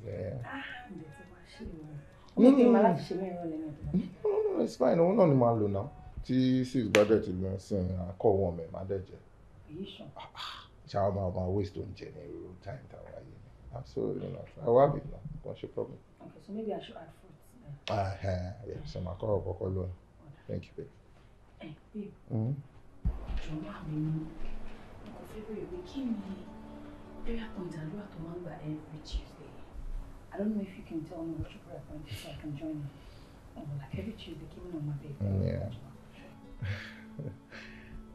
Ǹjẹ́ ti wá ṣe wọn? Ọmọ mi máa láti ṣe mẹ́rin ọ̀lẹ́ náà. No, no, it's fine. Òun náà ni màá lò náà. Tí six bá dẹ̀ ti lọ sí àkọ́ wọn mẹ́, màá dẹ̀ jẹ. Èyí sàn. Ṣáà máa máa waste oúnjẹ ní irú time táwọn ayé mi. Absolutely not. I will have No now. What's your problem? Okay, so maybe I should add fruits then. Uh, yeah, so my call for Thank you, babe. Hey, babe. Mm -hmm jọ má bínú mo kò fẹ́ kí ni prayer point àdúrà tó máa ń gbà every Tuesday. I don't know if you can tell me what your prayer point is so I can join you. Oh, like every Tuesday kí ni ọmọ bẹ́ẹ̀ bẹ́ẹ̀ bẹ́ẹ̀ bẹ́ẹ̀.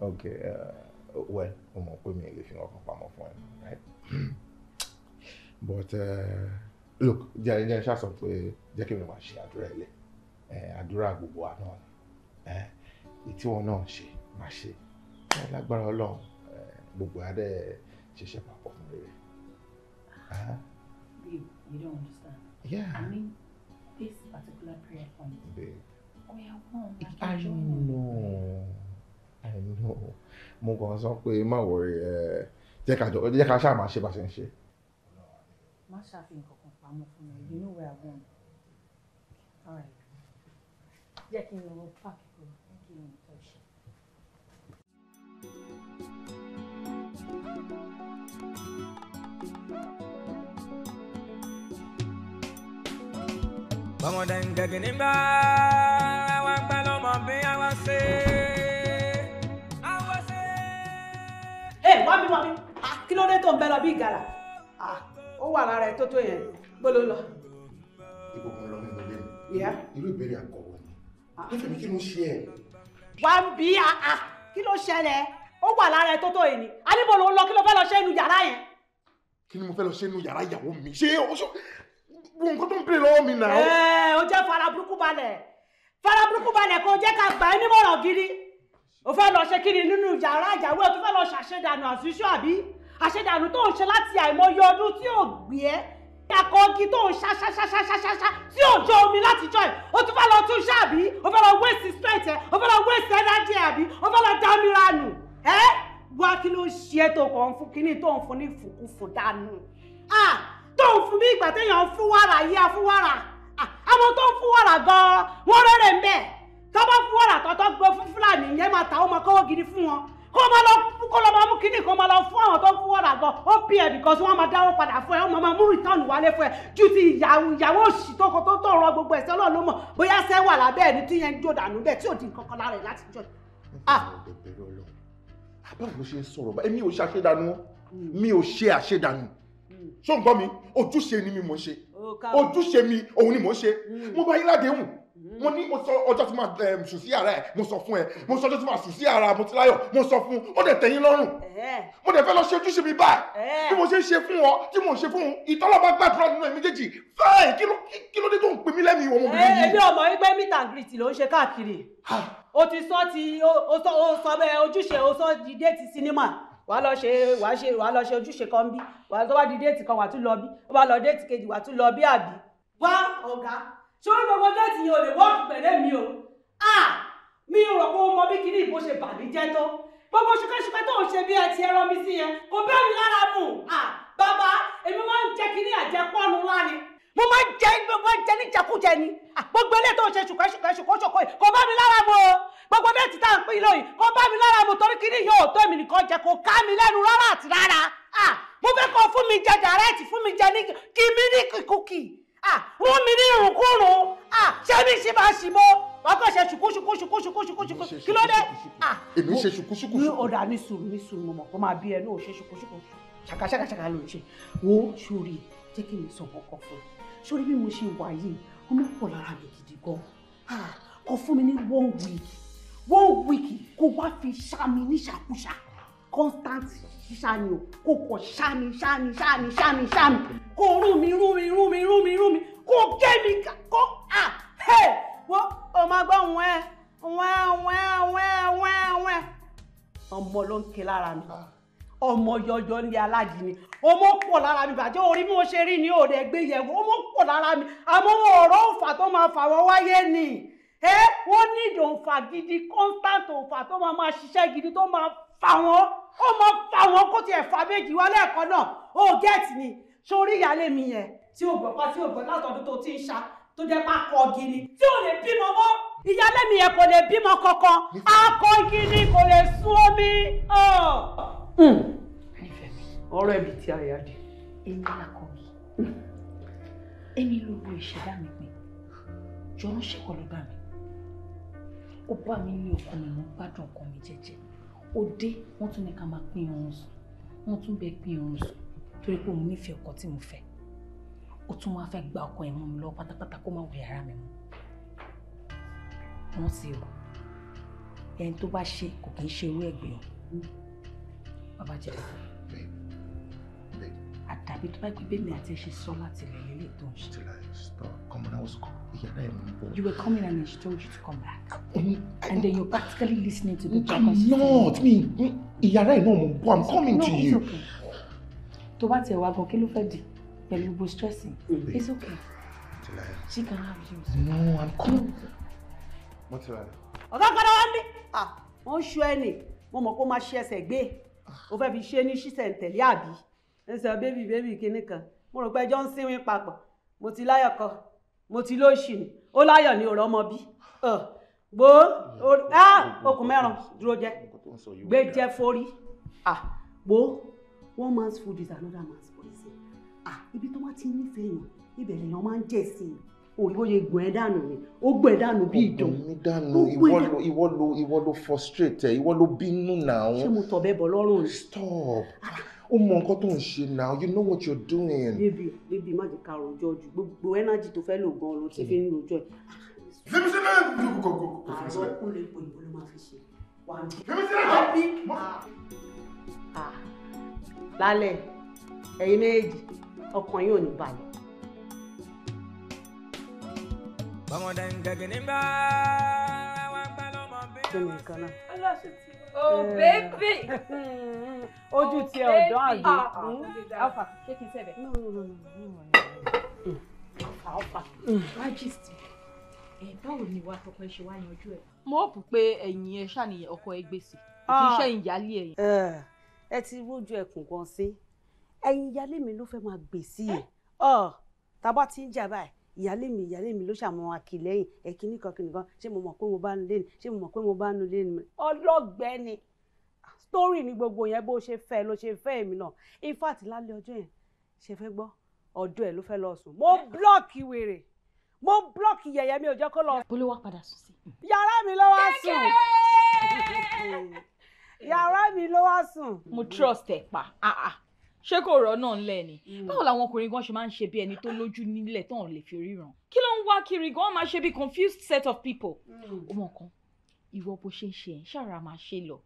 okay uh, well o mọ̀ pé mi lè fi ọkàn pamọ́ fún ẹ right but uh, look jẹ́ jẹ́ ṣàṣọ pé jẹ́ kí mi máa ṣe àdúrà ilé eh, àdúrà gbogbo àná ni eh, tí wọn náà ṣe máa ṣe lágbára ọlọ́run gbogbo adé ṣiṣẹ́ papọ̀ fún rere. you don't understand. yeah i mean this particular prayer point. babe oya wọn ma kí i know i know mo kàn sọ pé má wọrí ẹ jẹ́ ká jọ jẹ́ ká ṣáà máa ṣe bá ṣe ń ṣe. má ṣàfihàn kankan pamọ́ fún mi you know where i wan. all right jẹ́ kí n lọ pack bọ́mọdé ń gẹ̀gẹ̀ nígbà wá pẹ́ lọ́mọ bí wá ṣe. ẹ wá mi wá mi kí ló dé tó ń bẹ lọ bí Ah, ó wà lára ẹ tó tó yẹn gbọ́ ló lọ. ibo kan lọ nínú ilé mi irú ìbéèrè àkọ́wọ́ ni ah. nífẹ̀ẹ́ mi kí ló ṣe ẹ. wá ń bí ah, ah. kí ló ṣẹlẹ̀ ó wà lára ẹ tó tó yìí ni alíbò ló ń lọ kí ló fẹ́ lọ ṣe inú yàrá yẹn. kí ni mo fẹ́ lọ ṣe inú yàrá ìyàwó mi ṣé gbogbo nǹkan tó ń pè lọ́wọ́ mi náà. ẹ o jẹ́ fara burúkú balẹ̀ fara burúkú balẹ̀ kó o jẹ́ ká gbà ẹ́ nímọ̀ràn gidi o fẹ́ lọ ṣe kí ni nínú yàrá ìyàwó ẹ tó fẹ́ lọ ṣàṣedànù àṣìṣọ́ àbí àṣedànù tó ń ṣe láti àìmọye ọdún tí ò gbé ẹ́ akọ́gi tó ń ṣaṣaṣaṣaṣaṣa tí ò jọ omi láti jọ ẹ̀ o tún fẹ́ lọ tún ṣáàbí o fẹ́ lọ waste strength ẹ̀ o fẹ́ lọ waste energy àbí o fẹ́ lọ dámìranù ẹ wá kí ló ṣe é tó kàn fún kínní tó ń fún ní fùkúfù dànù tó ń fún bí ìgbà téèyàn ń fún wàrà yí afúwàrà àwọn tó ń fún wàrà gan-an wọ́n rẹ́rẹ̀ ń bẹ̀ tó bá fún wàrà tọ́tọ́ gbé fún fúlàní yẹn máa ta ó máa kọ́wọ́ gidi fún wọn kó o máa lọ kó lọ máa mú kínní kó o máa lọ fún àwọn tó ń fún wàrà gan ó bí ẹ bìkọ́ sí wọ́n máa dáwọ́ padà fún ẹ wọ́n máa mú rìtọ́ọ̀nù wálé fún ẹ ju ti ìyàwó ìyàwó òṣì tó kọ tó tọrọ gbogbo ẹ̀sẹ̀ ọlọ́run ló mọ̀ bóyá sẹ́ wà lábẹ́ ẹni tí yẹn ń jò dànù bẹ́ẹ̀ tí ò di nǹkan kan lára ẹ̀ láti jọ báwo ló ṣe ń sọ̀rọ̀ báyìí mi ò ṣe àṣedànù mi ò ṣe àṣedànù ṣó ń gbọ́ mi ojúṣe ni mi mò ń ṣe ojúṣe mi òun ni mò ń ṣe hmm. mo bá yín ládéhùn mo ní mo sọ ọjọ́ tí máa sùn sí ara ẹ̀ mo sọ fún ẹ mo sọ ọjọ́ tí máa sùn sí ara mo ti láyọ̀ mo sọ fún ó dẹ̀ tẹ̀yìn lọ́rùn mo dẹ̀ fẹ́ lọ ṣe ojúṣe mi báyìí bí mo ṣe ń ṣe fún ọ tí mo ń ṣe fún ìtọ́lọ́ba gbàdúrà nínú ẹ̀mí méjèèjì fáì kí ló dé tó ń pè mí lẹ́mìí ìwọ̀n ọmọbìnrin yìí. èmi ọmọ wípé meet and ló ń ṣe káàkiri o ti sọ ti o sọ bẹ́ẹ̀ ojúṣe o sọ di déètì sinimá wàá lọ ṣe wàá ṣe wàá lọ ṣe ojúṣe kan bí wàá tó bá di déètì kan wàá tún lọ bí ó lọ déètì kejì wàá tún lọ bí àbí. wá ọ̀gá sórí gbogbo déètì yẹn ò lè wọ́ọ̀kì pẹ̀lẹ́ mi o ah mi rò pé mo mọ bí kinní ìbò ṣe bà mí jẹ́ tó gbogbo ṣúkẹ́ṣúkẹ́ tó ń ṣe bí ẹ ti ẹran mi sí yẹn kò bẹ́ẹ̀ mi lára mu ah bàbá èmi máa ń jẹ kinní àjẹpọ́nu láni mo máa ń jẹ gbogbo jẹ ní jẹkújẹ ni ah! gbogbo ilé tó ń ṣe ṣùkẹ́ṣùkẹ́ṣùkọ́ṣùkọ́ yìí kò bá mi lára mu o gbogbo déètì tá à ń pín lóyìn kò bá mi lára mu torí kinní yóò tó èmi nìkan jẹ kò ká mi lẹ́nu rárá àti rárá ah mo fẹ́ kọ́ fún mi jẹ dàrẹ́ẹ̀tì fún mi jẹ ní kí mi ní kùkì wọ́n mi ní ìrùnkúrùn ṣé mi ṣe máa ṣì mọ́ wọ́n kàn ṣe ṣùkúṣùkúṣùkúṣùkúṣùkú kí ló dé. èmi ṣe ṣùkúṣùkú. ní ọ̀dà ní sùúrù ní sùúrù mọ̀mọ́ kó máa bí ẹ náà ṣe ṣùkúṣùkú ṣàkàṣàkàṣàkà ló ń ṣe wo sórí jẹ́ kí mi sọ kọ̀ọ̀kan fún ẹ sórí bí mo ṣe wà yìí wọ́n mú pọ̀ lára mi gidi gan kọ fún mi ní one week one week kó wá fi ṣá mi ní ṣàkúṣà constant ṣá ni o kò kọ̀ ṣá mi ṣá mi ṣá mi ṣá mi ṣá mi kó rú mi rú mi rú mi rú mi rú mi kó gé mi kó à ẹ̀ wọ́n ò máa gbọ́ wẹ́n wẹ́n wẹ́n wẹ́n wẹ́n wẹ́n ọmọ ló ń ké lára mi ah. ọmọ yọyọ ní aláàjì ni ọmọ pọ̀ lára mi bàjẹ́ orí bí mo ṣe rí ni òde gbé yẹ̀wò ọmọ pọ̀ lára mi àmọ́ ọ̀rọ̀ òfà tó máa fà wọ́n wáyé ni ẹ wọ́n nílò òfà gidi constant òfà tó máa máa ṣiṣẹ́ gidi tó máa fà wọ́n ó máa fà wọ́n kó tiẹ̀ fà méjì wá lẹ́ẹ̀kan náà ó gẹ́ẹ̀tì ni sórí ìyáálé mi yẹn tí ò gbọ́pá tí ò gbọ́ látọ̀dún tó ti ń ṣá tó jẹ́ pá kọ gini tí ò lè bímọ mọ́ ìyáálé mi yẹn kò lè bímọ kankan akọ gini kò lè sún omi. Hmm. ọ̀rọ̀ ẹbí tí a yà dé. èmi lakọ mi èmi ló wo ìṣẹ̀dá mi pé jọ ń ṣèkọ́ ló bá mi ó bá mi ní ọkọ mi mo gbádùn ọkọ mi jẹ́jẹ́ òde wọ́n tún ní ká máa pín oorun sùn wọ́n tún bẹ pín oorun sùn torí pé òun nífẹ̀ẹ́ ọkọ tí mo fẹ́ ó tún wá fẹ́ gba ọkọ ẹ̀ mọ́ mi lọ pátápátá kó má wọ yàrá mi mọ́ wọ́n sì o ẹni tó bá ṣe kò kí ń ṣe irú ẹ̀gbẹ́ o bàbá jẹ́ ẹ̀kọ́ àtàbí tó bá pẹ́ bẹ́ẹ̀ àti ẹ̀ ṣe sọ láti ilẹ̀ lélẹ̀ tó ń ṣe. you were coming and she told you to come back. and then you're practically listening to the talk I'm not me ìyàrá ẹ̀ náà mo bọ̀ I'm coming to you. No tó bá tiẹ̀ wá gan kí ló fẹ́ dì pẹ̀lú gbogbo stress mm-hmm. it's okay she can have you. no i'm coming. mo ti rà. ọ̀gá kan náà wá ní. wọ́n ṣú ẹ nì mo mọ̀ kó máa ṣe ẹsẹ̀ gbé o fẹ́ fi ṣe ní ṣísẹ̀ntẹ̀lé àbí ẹ sọ bébì bébì kinní kan mo rò pé ẹjọ́ ń sínwín papọ̀ mo ti láyọ̀ kan mo ti lóṣì ní o láyọ̀ ní ọ̀rọ̀ ọmọ bí gbó okùn mẹ́ràn dúró jẹ gbé jẹ forí gbó one man's food is another man's poison ah ibi tó máa ti nífẹ̀ẹ́ yàn ibẹ̀ lèèyàn máa ń jẹ̀ sí i òrí bó ṣe gùn ẹ dànù ni ó gùn ẹ dànù bí ìdùn. ọgbọ̀n mi dànù ìwọ ló ìwọ ló ìwọ ló frustrate ẹ ìwọ ló bínú náà. ṣé mo tọ̀ bẹ́ẹ̀ bọ̀ lọ́rùn. stop ó mọ nǹkan tó ń ṣe now you know what you're doing. bébì bébì má jẹ́ ká rojọ́ ju gbogbo ẹnájì tó fẹ́ lò gan ló ti fi ń rojọ́ ẹ̀. fífi sílẹ̀ kò kò pò ìbò ló máa fi ṣe. wà á bí. fífi sílẹ̀ lálẹ́ ẹ̀yin méjèèjì ọkàn yín ò ní balẹ̀. bọ́mọdé ń gẹ̀gẹ̀ nígbà wọn pẹ́ lọ́mọ bí. kí ni nǹkan náà. ọlọ́sùn ti o bébì. ojú ti ọ̀dọ́ àgbẹ̀. alfa ṣé kí n alfa báwo ni wàá kọ́kọ́ ṣe wá yanjú ẹ. mo hàn pé ẹ̀yin ẹ ṣàníyàn ọkọ ẹ gbèsè kì í ṣe ìyálé ẹ̀yìn ẹ ti rójú ẹkùn gan sí ẹ̀yin ìyálé mi ló fẹ́ máa gbè sí i ọ tàbá ti ń jà báyìí ìyálé mi ìyálé mi ló ṣàmọ àkìlẹ́yìn ẹkíní kan kìnìún kan ṣé mo mọ̀ pé mo bá nu léni ṣé mo mọ̀ pé mo bá nu léni ọlọ́gbẹ́ ni sítórì ni gbogbo yẹn bó ṣe fẹ́ ló ṣe fẹ́ èmi náà in fact lálẹ́ ọjọ́ yẹn ṣe fẹ́ gbọ́ ọ̀dọ̀ ẹ̀ ló fẹ́ lọ sùn mo blọọkì wèrè mo blọọkì yẹ̀yẹ́ mi ò jẹ́ kó lọ. bolówó padà sùn sí. yàrá mi ló wá sùn. yàrá mi ló wá sùn. mo trust ẹ pa ah, ah. ṣé kò rọ náà ńlẹ ni mm. báwo làwọn ọkùnrin gan ṣe máa ń ṣe bí ẹni tó lójú nílẹ̀ tán ò lè fi ríran kí ló ń wá kiri gan máa ṣe bí confused set of people. Mm. ó mọ kan ìwọ bó ṣe ń ṣe ẹ̀ ṣàrà máa ṣe lọ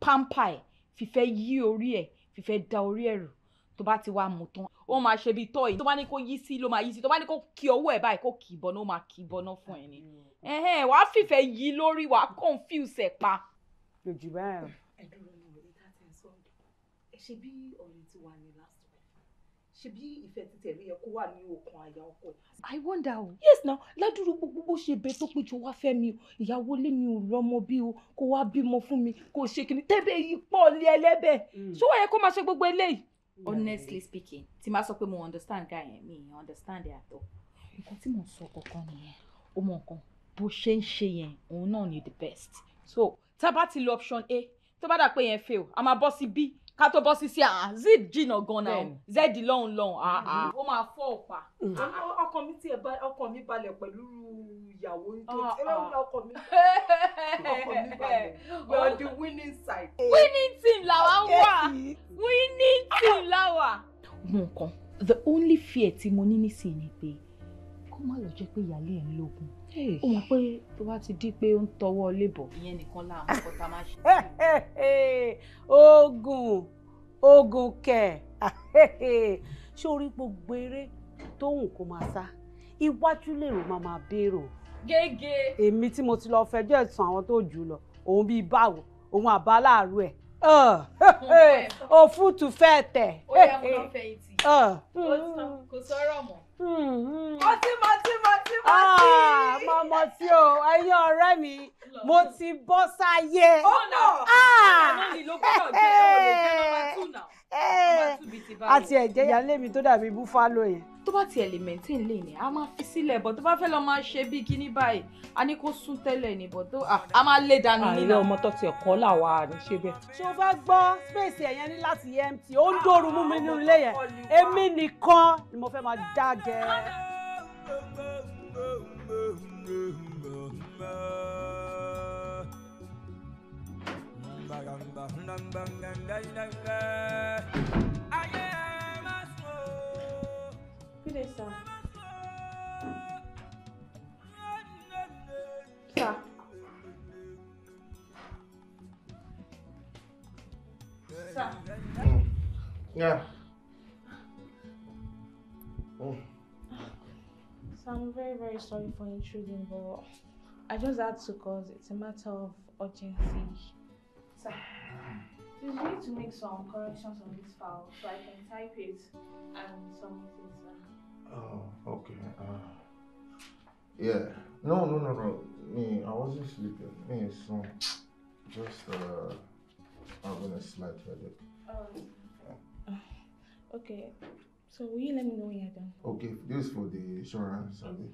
pampa ẹ̀ fífẹ́ yí orí ẹ̀ fífẹ́ da orí ẹ̀ rù tó bá ti wá mu tán ó máa ṣe bí tọ́ yìí tó bá ní kó yí sí ló máa yí sí tó bá ní kó kí ọwọ́ ẹ̀ báyìí kó kì í bọ́ná ó máa kì í bọ́ná fún ẹ ni mm. wàá fìfẹ́ yí lórí wàá confuse ẹ̀ pa kò jù báyìí lọ. ẹ dúró ní òye ká tẹ ẹ sọ ẹ ṣe bí last week ṣe bí ìfẹ́ títẹ̀ rí yẹ kó wà ní okùn i wonder yes now. ládùúrú gbogbo bó ṣe bẹ tó pé jọ wá fẹ́ mi o ìyàwó lé mi ò lọ́mọ bí o kó wá bímọ fún mi kó ṣe kìnnì tẹ́bẹ̀ yìí pọ̀ lé ẹlẹ́bẹ̀ mm. ṣó wáyé kó máa ṣe gbogbo honestly speaking tí máa sọ understand guy me understand ẹ àtọ nǹkan tí mo sọ kankan nìyẹn ó mọ nǹkan bó ṣe ń ṣe yẹn òun náà ni the best so tá a bá ti lo option a tó bá dà pé yẹn fail a máa bọ́ sí b ká tó bọ́ sí sí àá ah, z jìnnà gan-an náà z lọ́hùn lọ́hùn àá. Ah, ah. mm-hmm. ó máa fọ́ ọ̀pá. Mm. ọkàn mi tiẹ̀ bá ọkàn mi balẹ̀ pẹ̀lú ìyàwó tó ti ẹ lọ́wọ́ ọkàn mi balẹ̀ we are the winning side. winning team làwa wà winning team làwa. mo kàn the only fear tí mo ní nísìnyí ni pé kó má lọ jẹ́ pé ìyáálé ẹ̀ ń lóògùn ó mọ̀ pé tó bá ti di pé ó ń tọwọ́ lébọ̀ ìyẹn nìkan láàmú kọ́ tá a máa ṣe. oògùn oògùn kẹ̀ ṣé orí gbogbo eré tó wù máa sá iwájú lèrò máa máa béèrò. gègé. èmi tí mo ti lọ fẹjọ́ ẹ̀sùn àwọn tó jù lọ òun bíi báwo òun àbá láàárọ ẹ òfútù fẹẹ tẹ. ó yà mú lọ fẹ̀yìntì kò sọ̀rọ̀ mọ́ mọtí mọtí mọtí mọtí. Ah, mo mọtí o ẹ̀yin ọ̀rẹ́ mi mo ti bọ́ sáyé. ó nà ó nà ló gbọ́dọ̀ jẹ́ ẹ̀wọ̀n jẹ́ nọ́mbà tù náà àti ẹ̀jẹ̀ ìyáálé mi tó dàbí búfálò yẹn. tó bá ti lè maintain lè ní a máa fi sílẹ̀ bọ̀ tó bá fẹ́ lọ máa ṣe bí kíní báyìí a ní kó sún tẹ́lẹ̀ ní bọ̀ tó a máa lé dànù nínú. àìlẹ́ ọmọ tó tiẹ̀ kọ́ làwa à ṣe bẹ́ẹ̀. tó bá gbọ́ space ẹ̀yẹn ní láti yẹ mt ó ń ah, dòrú mú mi nínú ilé yẹn èmi nìkan ni mo fẹ́ máa dá jẹ. sir. Sir. Yeah. Mm. So I'm very, very sorry for intruding, but I just had to cause it's a matter of urgency. So. Please, you need to make some corrections on this file so I can type it and submit it, sir. Oh, okay. Uh, yeah. No, no, no, no. Me, I wasn't sleeping. Me, so just uh, am a slight headache. Oh. Yeah. Okay. So will you let me know when you're done? Okay. This is for the insurance, sorry.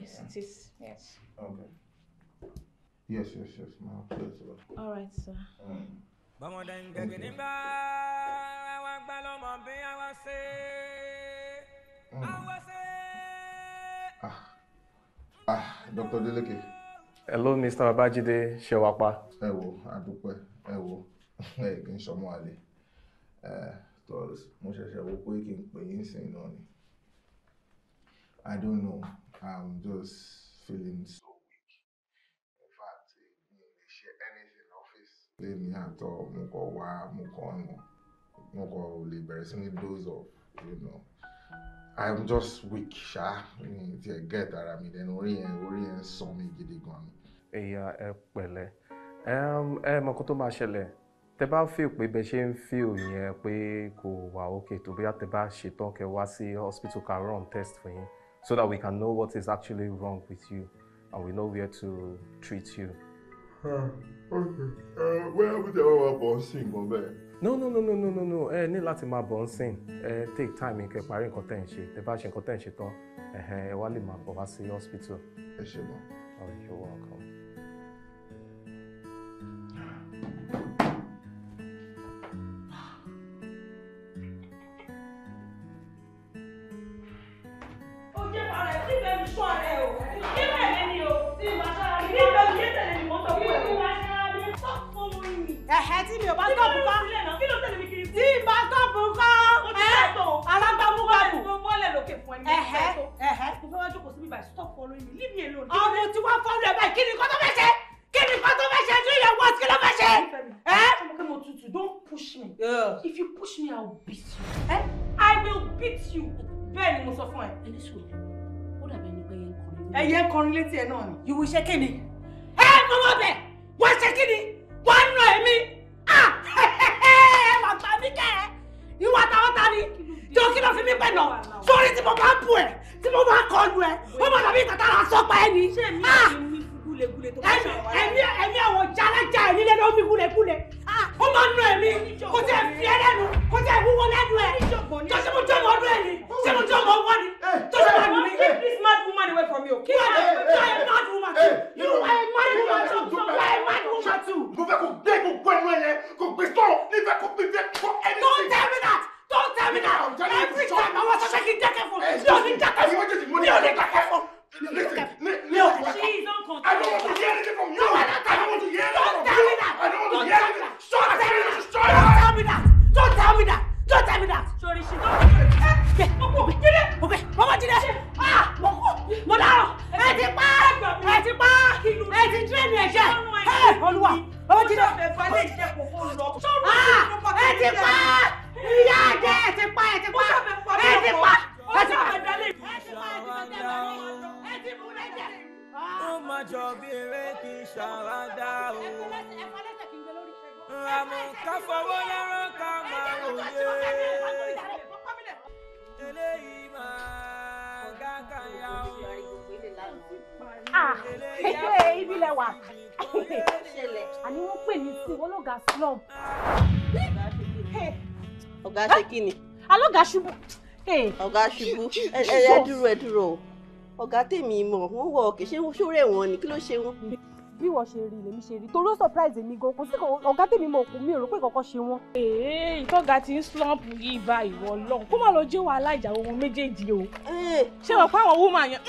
Yes, it is. Yes. Okay. Yes, yes, yes, ma'am. Yes, All right, sir. Um, bọ́mọdé ń gẹ́gẹ́ nígbà wa gbá lọ́mọ bí àwa ṣe àwa hmm. ṣe. Ah, ah, Dr. Deleke. hello Mr. Babajide ṣèwápa. ẹ wo àdúpẹ́ ẹ wo ẹ kì sọmọ àlè mo ṣẹ̀ṣẹ̀ wò pé kí n pè yín sí iná ni i don't know i'm just feeling so lémi àtọ mo kọ wá mo kọ mo kọ lè bẹ̀rẹ̀ sí ní dose of you know i'm just weak ṣá mi ti ẹ̀ get ara mi Then orí yẹn orí yẹn sàn mí gidi gan ni. ẹ̀yà ẹ pẹ̀lẹ́ ẹ mọ kó tó máa ṣẹlẹ̀ tẹ bá feel pé bẹ ṣe ń feel yẹn pé kò wà ókè tó bóyá tẹ bá ṣetán kẹ wá sí hospital ká run test fún yín so that we can know what is actually wrong with you and we know where to treat you bóyá bí tẹ bá wà bọ̀ ń no no no no no no no ẹ ní láti máa bọ̀ ń sìn ẹ take time kẹ́ parí nǹkan tẹ̀ ń ṣe tẹ́ bá ṣe nǹkan tẹ̀ ń ṣe tán ẹ wá lè máa bọ̀ wá sí hospital. ẹ ṣe mọ. oh you're welcome. ò bá stọ́ọ̀bù kọ́ tí ì bá stọ́ọ̀bù kọ́ alágbàmú gbàgbù. mo bọ́lẹ̀ lókè fún ẹni ẹ̀hẹ́ ẹ̀hẹ́ mo fẹ́ wá jókòó síbi ìbàdí stop following me leave me alone. ọmọ tí wọ́n fọ́ rẹ̀ báyìí kí ni kọ́tọ́ fẹ́ ṣe kí ni kọ́tọ́ fẹ́ ṣe do your work kí ló fẹ́ ṣe. ẹ mo tutù don't push me if you push me I will beat you eh? I will beat you bẹ́ẹ̀ mo sọ fún ẹ. ẹni sùn ó dàbẹ̀ ni pé kọrin. ẹyẹ kọrin létí ẹ náà ni. ìwé kí ni. ẹ mọ́mọ́ bẹ̀ wọ́n ṣe kí ni wọ́n ń nọ ẹ̀mí. ìwà táwọn ta ni jọ kí ló fi mí pẹ̀ náà sórí tí mo bá bù ẹ̀ tí mo bá kọlu ẹ̀ ó mọ̀ tàbí ìtàtà la sọ pa ẹ̀ ni. Ah! ẹ̀mí ẹ̀mí àwọn jálẹ̀jà ẹ̀ nílẹ̀ ló mi gúlegúle ó máa ń nu ẹ̀mí kò tẹ̀ fi ẹ́ lẹ́nu kò tẹ̀ wúwo lẹ́nu ẹ̀ tó ṣe mo jọmọ ọdún ẹ̀ ni ṣe mo jọmọ ọwọ́ ni tó ṣe máa ní. keep this mad woman away from you. keep her away you are mad woman too you are a mad woman too you are a mad woman too. mo fẹ́ kó gbé gbogbo ẹnu ẹ̀yẹ kó gbé sọ̀rọ̀ nífẹ̀ẹ́ kó gbé fẹ́ kó ẹni. don't tell me that don't tell me that every time I wan ṣe ṣe kí n jẹ́ kẹ́fọ́ mi ò ní jẹ́ kẹ́fọ́ mi ò ní jẹ́ kẹ́fọ́. No, listen, look at, Please don't continue. I don't want to hear anything from you. I don't want to hear anything from you. I don't want to hear anything. Shut up! Shut up! Don't tell me that. Don't tell me that. Don't tell me that. Sorry, she don't. Okay, eh, eh, okay, okay. Mama Jide. Ah, mo ko, mo dárò. Ẹ ti pa, ẹ ti pa, ẹ ti drain ẹ jẹ. Ẹ Olúwa, Mama Jide. Eh, ah, ẹ ti pa. Ìyá jẹ, ẹ ti pa, ẹ ti pa, ẹ ti pa, ẹ ti pa. Ẹ ti pa ó má jọ bí eré kì í ṣàwádà o. àmọ́ ká fọwọ́ lọ́rọ́ ká máa wòye. eléyìí máa gàgà yá o. ẹgbẹ́ ibi lẹ wà àní wọ́n pè mí sí ológa slum. ọ̀gá ṣe kí ni. alóga ṣubú. ọ̀gá ṣubú ẹ dúró ẹ dúró o ọ̀gá tèmi mọ̀ wọ́n wọ ọ̀kẹ́ ṣé ṣóòrè wọn ni kí ló ṣe wọn. bí wọ́n ṣe rí lèmi ṣe rí torí ó surprise mi gan kò sí ọ̀gá tèmi mọ̀ kò mi ò rò pé kankan ṣe wọ́n. ee ìtọ́ga ti ń slump yìí bá ìwọ lọ́n kó má lọ jẹ́ wàhálà ìjàwó wọn méjèèjì o. ṣé wọn pa àwọn woman yẹn.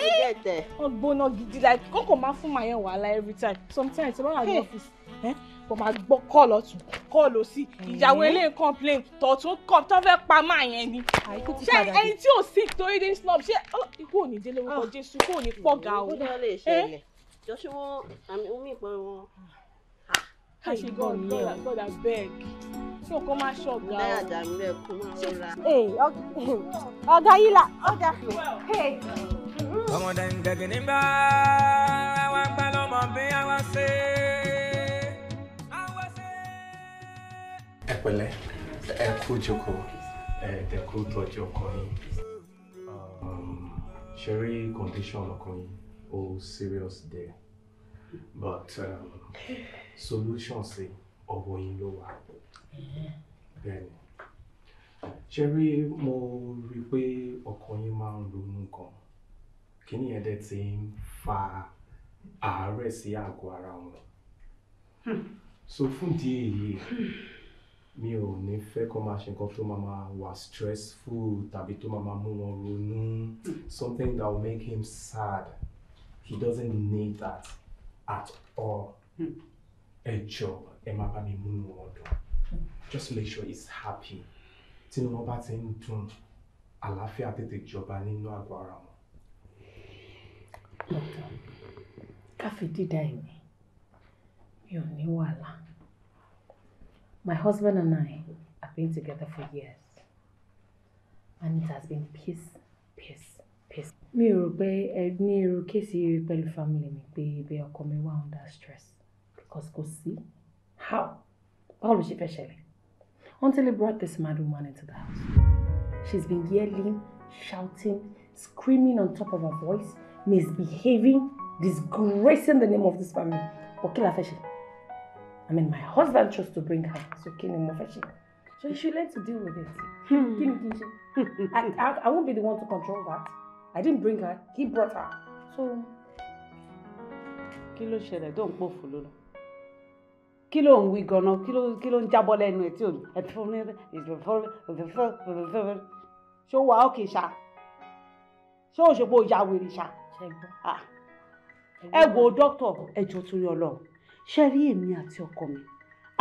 wọ́n gbóná gidi like kókò máa fún màá yẹn wàhálà every time sometimes ẹ bá wà ní ọ́fíìsì kó máa gbọ́ kọ́ọ̀lù ọ̀tún kọ́ọ̀lù òsì ìyàwó mm-hmm. ilé complain tọ̀tún kọ́ tó fẹ́ pa máa yẹn ni ah, ṣé ẹni tí ò sick torí dé snob ṣé ikú ò ní dé lórúkọ ah. Jésù kó ò ní pọ̀ ga o. ó lè eh? ṣẹlẹ̀ jọ́sí wọn àmì omi ìpọ́n wọn. ká ṣe God God God abeg ṣé o kò máa ṣọ ọ̀gá o. Eh, ọ̀gá àjà mi yìí la ọ̀gá ọmọdé ń gẹ̀gẹ̀ nígbà wá pẹ́ lọ́mọ bí wá ṣe é. ẹ pẹ̀lẹ́ ẹ kú jókòó ẹ ọkọ yín um, ṣeré condition ọkọ yín o serious there but um, solution sí ọwọ́ yín ló wà bẹ́ẹ̀ni ṣeré mo rí i pé ọkọ yín máa ń ronú gan kí ni ti ń fa àárẹ̀ sí àgọ́ ara wọn hmm. so fún ìdí èyí mi ò ní fẹ́ kó máa ṣe nǹkan tó máa máa wà stressful tàbí tó máa máa mú wọn ronú something that will make him sad he doesn't need that at all ẹ jọ ẹ máa bá mi múnú wọn dùn just make sure he's happy tí wọn bá ti ń dùn àlàáfíà tètè jọba nínú àgọ́ ara wọn. ká dídá ẹ̀mí mi ò ní wàhálà. My husband and I have been together for years. And it has been peace, peace, peace. Mi rò pé ẹ ní irú kéèsì rí pẹ̀lú family mi pé ibi ọkọ mi wà under stress because kò sí. How? Báwo ló ṣe fẹ́ ṣẹlẹ̀? Until he brought this mad woman into the house. She's been yelling, shouting, screaming on top of her voice, misbehaving, disgracing the name of this family. But kí la fẹ́ ṣe? I mean, my husband chose to bring her. So kí ni mo So you should learn to deal with it. Hmm. Kí ni kí I, I, I won't be the one to control that. I didn't bring her. He brought her. So. Kí ló ṣẹlẹ̀ tó ń pòfò lónà? Kí ló ń wí gan-an? Kí ló kí ló ń jábọ́ lẹ́nu ẹ̀ tí ò ní? Ṣé ó wà ókè ṣá? Ṣé òṣèpọ̀ ìyá wèrè ṣá? Ah. Ẹ wo dókítà ẹjọ́ torí Ọlọ́run ṣe rí èmi àti ọkọ mi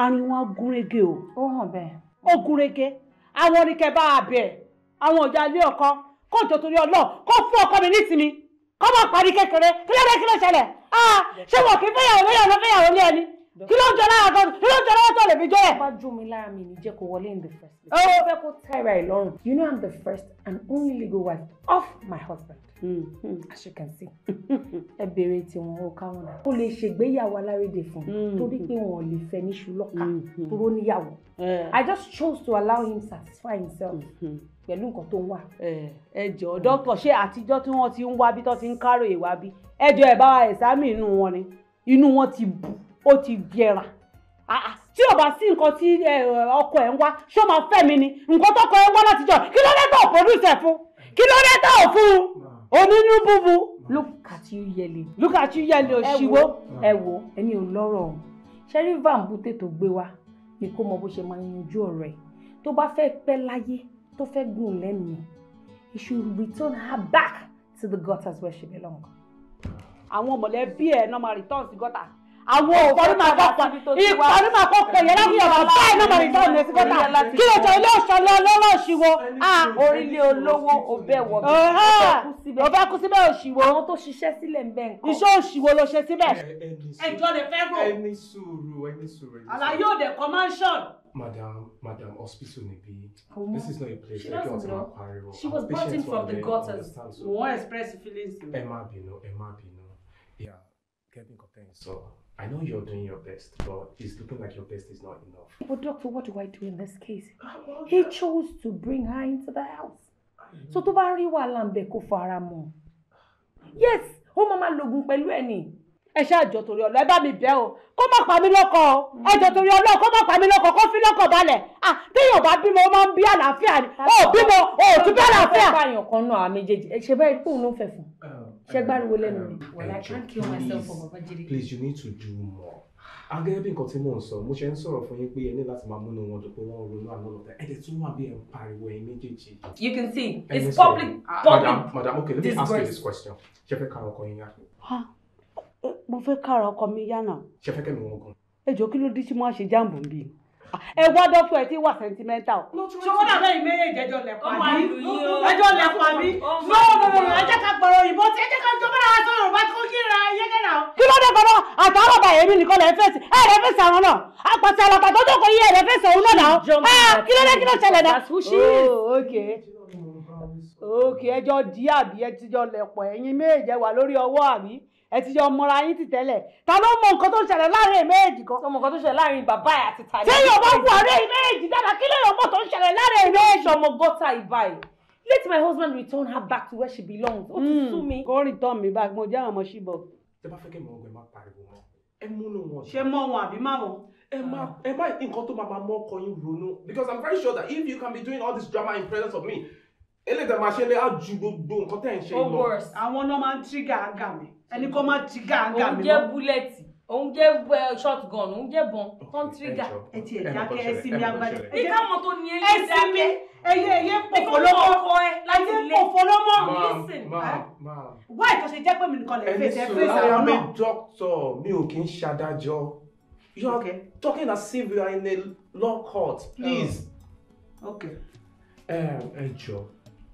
àrùn wọn o. ó hàn bẹ́ẹ̀. ó gúnrégé àwọn oríkẹ́ bá a bẹ̀ àwọn ọ̀jà ilé ọkọ kó jọ torí ọlọ́ kó fún ọkọ mi nísìmí kó má parí kékeré kí ló ṣẹlẹ̀ ah! ṣé wọn kì í fẹ́yàwó fẹ́yàwó fẹ́yàwó ní ẹni kí ló ń jọ lára tó kí ló ń jọ lára tó lè fi jẹ́ ẹ̀. bá jù mí lára mi ní jẹ́ wọlé in the first place. ó oh. fẹ́ kó tẹ́ra ẹ̀ lọ́rùn. you know i'm the first and only legal wife of my husband. Mm-hmm. as you can see. ẹ béèrè tiwọn ó káwọn náà. ó lè ṣègbéyàwó alárédè fún un mm-hmm. torí pé wọn ò lè fẹ́ ní ṣùlọ́kà dúró mm-hmm. níyàwó. Eh. i just chose to allow him satisfy himself. Mm-hmm pẹ̀lú nǹkan tó ń wà. Eh, ẹ jọ̀ọ́ dókítà ṣé àtijọ́ tí wọ́n ti ń wá bí tó ti ń kárò ìwà bí ẹ jọ̀ọ́ ẹ̀ bá wa ẹ̀sámì inú wọn ni inú ó ti jẹrà ah, ah, tí o bá sí nǹkan tí ọkọ ẹ̀ ń wá ṣó máa fẹ́ mi ni nǹkan tọkọ ẹ̀ ń wá látijọ́ kí ló dé tó produce fún kí ló dé tó fún onínú búbu. look at you yẹlẹ look at you yẹlẹ òṣìwò ah. ẹ wo ẹni ò lọ́rọ̀ o Van vambute tó gbé wa ni kó mọ bó ṣe máa yanjú ọ̀rọ̀ ẹ̀ tó bá fẹ́ pẹ́ láyé tó fẹ́ gùn lẹ́mìí you should return her back to the gutters where she belong. àwọn mọ̀lẹ́bí ẹ̀ náà máa return sí gutters àwọn òfòrí máa kọ́kọ́ ìparí máa kọ́kọ́ yẹn láti ọ̀rọ̀ báyìí náà máa rìsọ́ọ̀nù ẹ̀sìn bẹ́tà kí ló jọ ilé ọ̀ṣọ́ lọ́lọ́ òṣìwò. Ah, orílẹ̀ olówó ọbẹ̀ wọ̀ bẹ́ẹ̀ ọbẹ̀ kú síbẹ̀ òṣìwò. àwọn tó ṣiṣẹ́ sílẹ̀ ń bẹ̀ nǹkan. iṣẹ́ òṣìwò ló ṣe síbẹ̀. ẹjọ́ lè fẹ́ rò. ẹni sùúrù ẹni sùúrù. àlàyé òde commercial. Madam, Madam, hospital Nibi. Oh, this is not a place she that you want She was brought in from the gutters. We won't express feelings. Ẹ má bínú, ẹ má bínú. Yeah, Kevin Cotten sọ. So. I know you're doing your best, but it's looking like your best is not enough. But doctor, what do I do in this case? Ah, he God. chose to bring her into the house. So to bá rí wàhálà ń bẹ fara mọ́. Yes, ó mama logun pelu pẹ̀lú ẹni. Ẹ ṣáà jọ torí ọlọ́ ẹ mi bẹ̀ o. Kó má pa mí lọ́kọ o. Ẹ jọ torí ọlọ́ kó má pa mí lọ́kọ kó fi lọ́kọ balẹ̀. À ah, téèyàn bá bímọ ó máa ń bí àlàáfíà ni. Ó bímọ ó tún bí àlàáfíà. Ó bá yàn kan náà àmì jẹjẹ. Ṣé bẹ́ẹ̀ kóun ló ń fẹ́ fún un? ṣé gbáriwo lẹ́nu mi. Um, well i can't kill myself for baba please you need to do more. agẹ́gẹ́ ah, bí nǹkan tí mò ń sọ mo ṣe ń sọ̀rọ̀ fún yín pé ẹ ní láti máa múnú wọn dùn pé wọ́n ronú àwọn ọ̀tá ẹ̀dẹ̀ tó wà bí ẹ̀ ń pariwo ẹ̀yin méjèèjì. you can see it's public ah, public madam madam okay let me ask you this question ṣe fẹ́ kára ọkọ yín yá. mo fẹ́ kára ọkọ mi yá náà. ṣe fẹ́ kẹ́mi wọn gan. ẹ jọ kí ló dé tí mo á ṣe jáàmù bíi ẹ wá dọ́tọ̀ ẹ tí wà sentimental. ṣọwọ́n náà lẹ́yìn méjèèjì ẹjọ́ lẹ́pọ̀ àbí ẹjọ́ lẹ́pọ̀ àbí lọ́wọ́ ẹ jẹ́ ká gbọ́rọ̀ òyìnbó tí ẹ jẹ́ ká jọba náà sọ yorùbá tó kíra yẹ́gẹ́ náà. kí ló dé gbọ́dọ̀ àtàwọn bàyẹ̀ mi nìkan lẹ́ẹ̀ fèsì ẹ̀ lẹ́ẹ̀ fèsì àwọn náà àpàtì àlàpà tó jókòó yìí ẹ̀ lẹ́ẹ̀ fèsì òun náà náà ah, kí ló dé kí ló ṣẹlẹ̀ náà. Oh, ok ẹjọ́ di àbí ẹ ti jọ lẹ̀pọ̀ ẹ̀yin méje wà lórí ọwọ́ àbí ẹ ti yọ ọmọra yín ti tẹ́lẹ̀ ta ló mọ nǹkan tó ń ṣẹlẹ̀ láàrin méjèèjì kan. ọmọ nǹkan tó ń ṣẹlẹ̀ láàrin bàbá ẹ̀ àti tàlẹ́. sẹ́yìn ọba wù àárẹ̀ méjèèjì dáadáa kí lẹ́yìn ọmọ tó ń ṣẹlẹ̀ láàrin méjèèjì. ọmọ gọ́tà ìbá yìí let my husband return her back to where she belongs. ó ti sú hmm. mi. kó rí tán mi bá mo jẹ́ àwọn ọmọ ṣíbọ̀. tẹ bá fẹ́ kẹ́ mọ̀ ọgbẹ́ má pariwo wọn ẹ múnú wọn. ṣé mọ wọn àbí má wọn ẹ má ẹ má nǹkan tó máa máa mọ ọkọ yín ronú because i'm very sure that if you can be doing all this drama in presence of me eléyìí tẹ máa ṣe lé àjù gbogbo nǹkan tẹ̀ ń ṣe lọ. àwọn náà máa ń tírígà àgà mi ẹni kan máa ń tírígà àgà mi lọ. òun jẹ́ búlẹ̀tì eh, òun jẹ́ shotgun òun jẹ́ bọn tó ń tírígà. ẹ ti ẹ̀ dákẹ́ ẹ sinmi agbájá. ní káwọn tó ní ẹlẹ́yìn dákẹ́ ẹ sinmi ẹyẹ ẹyẹ pòfò lọ́mọ ẹyẹ pòfò lọ́mọ. wáyé tó ṣe jẹ́ pé mi nìkan lè fèsì ẹ fèsì àwọn náà. ẹni sọ I am a doctor mi ò kí ń ṣadájọ́ you are okay. talking as if you are in a law court oh. please. Oh. okay. ẹ ẹ jọ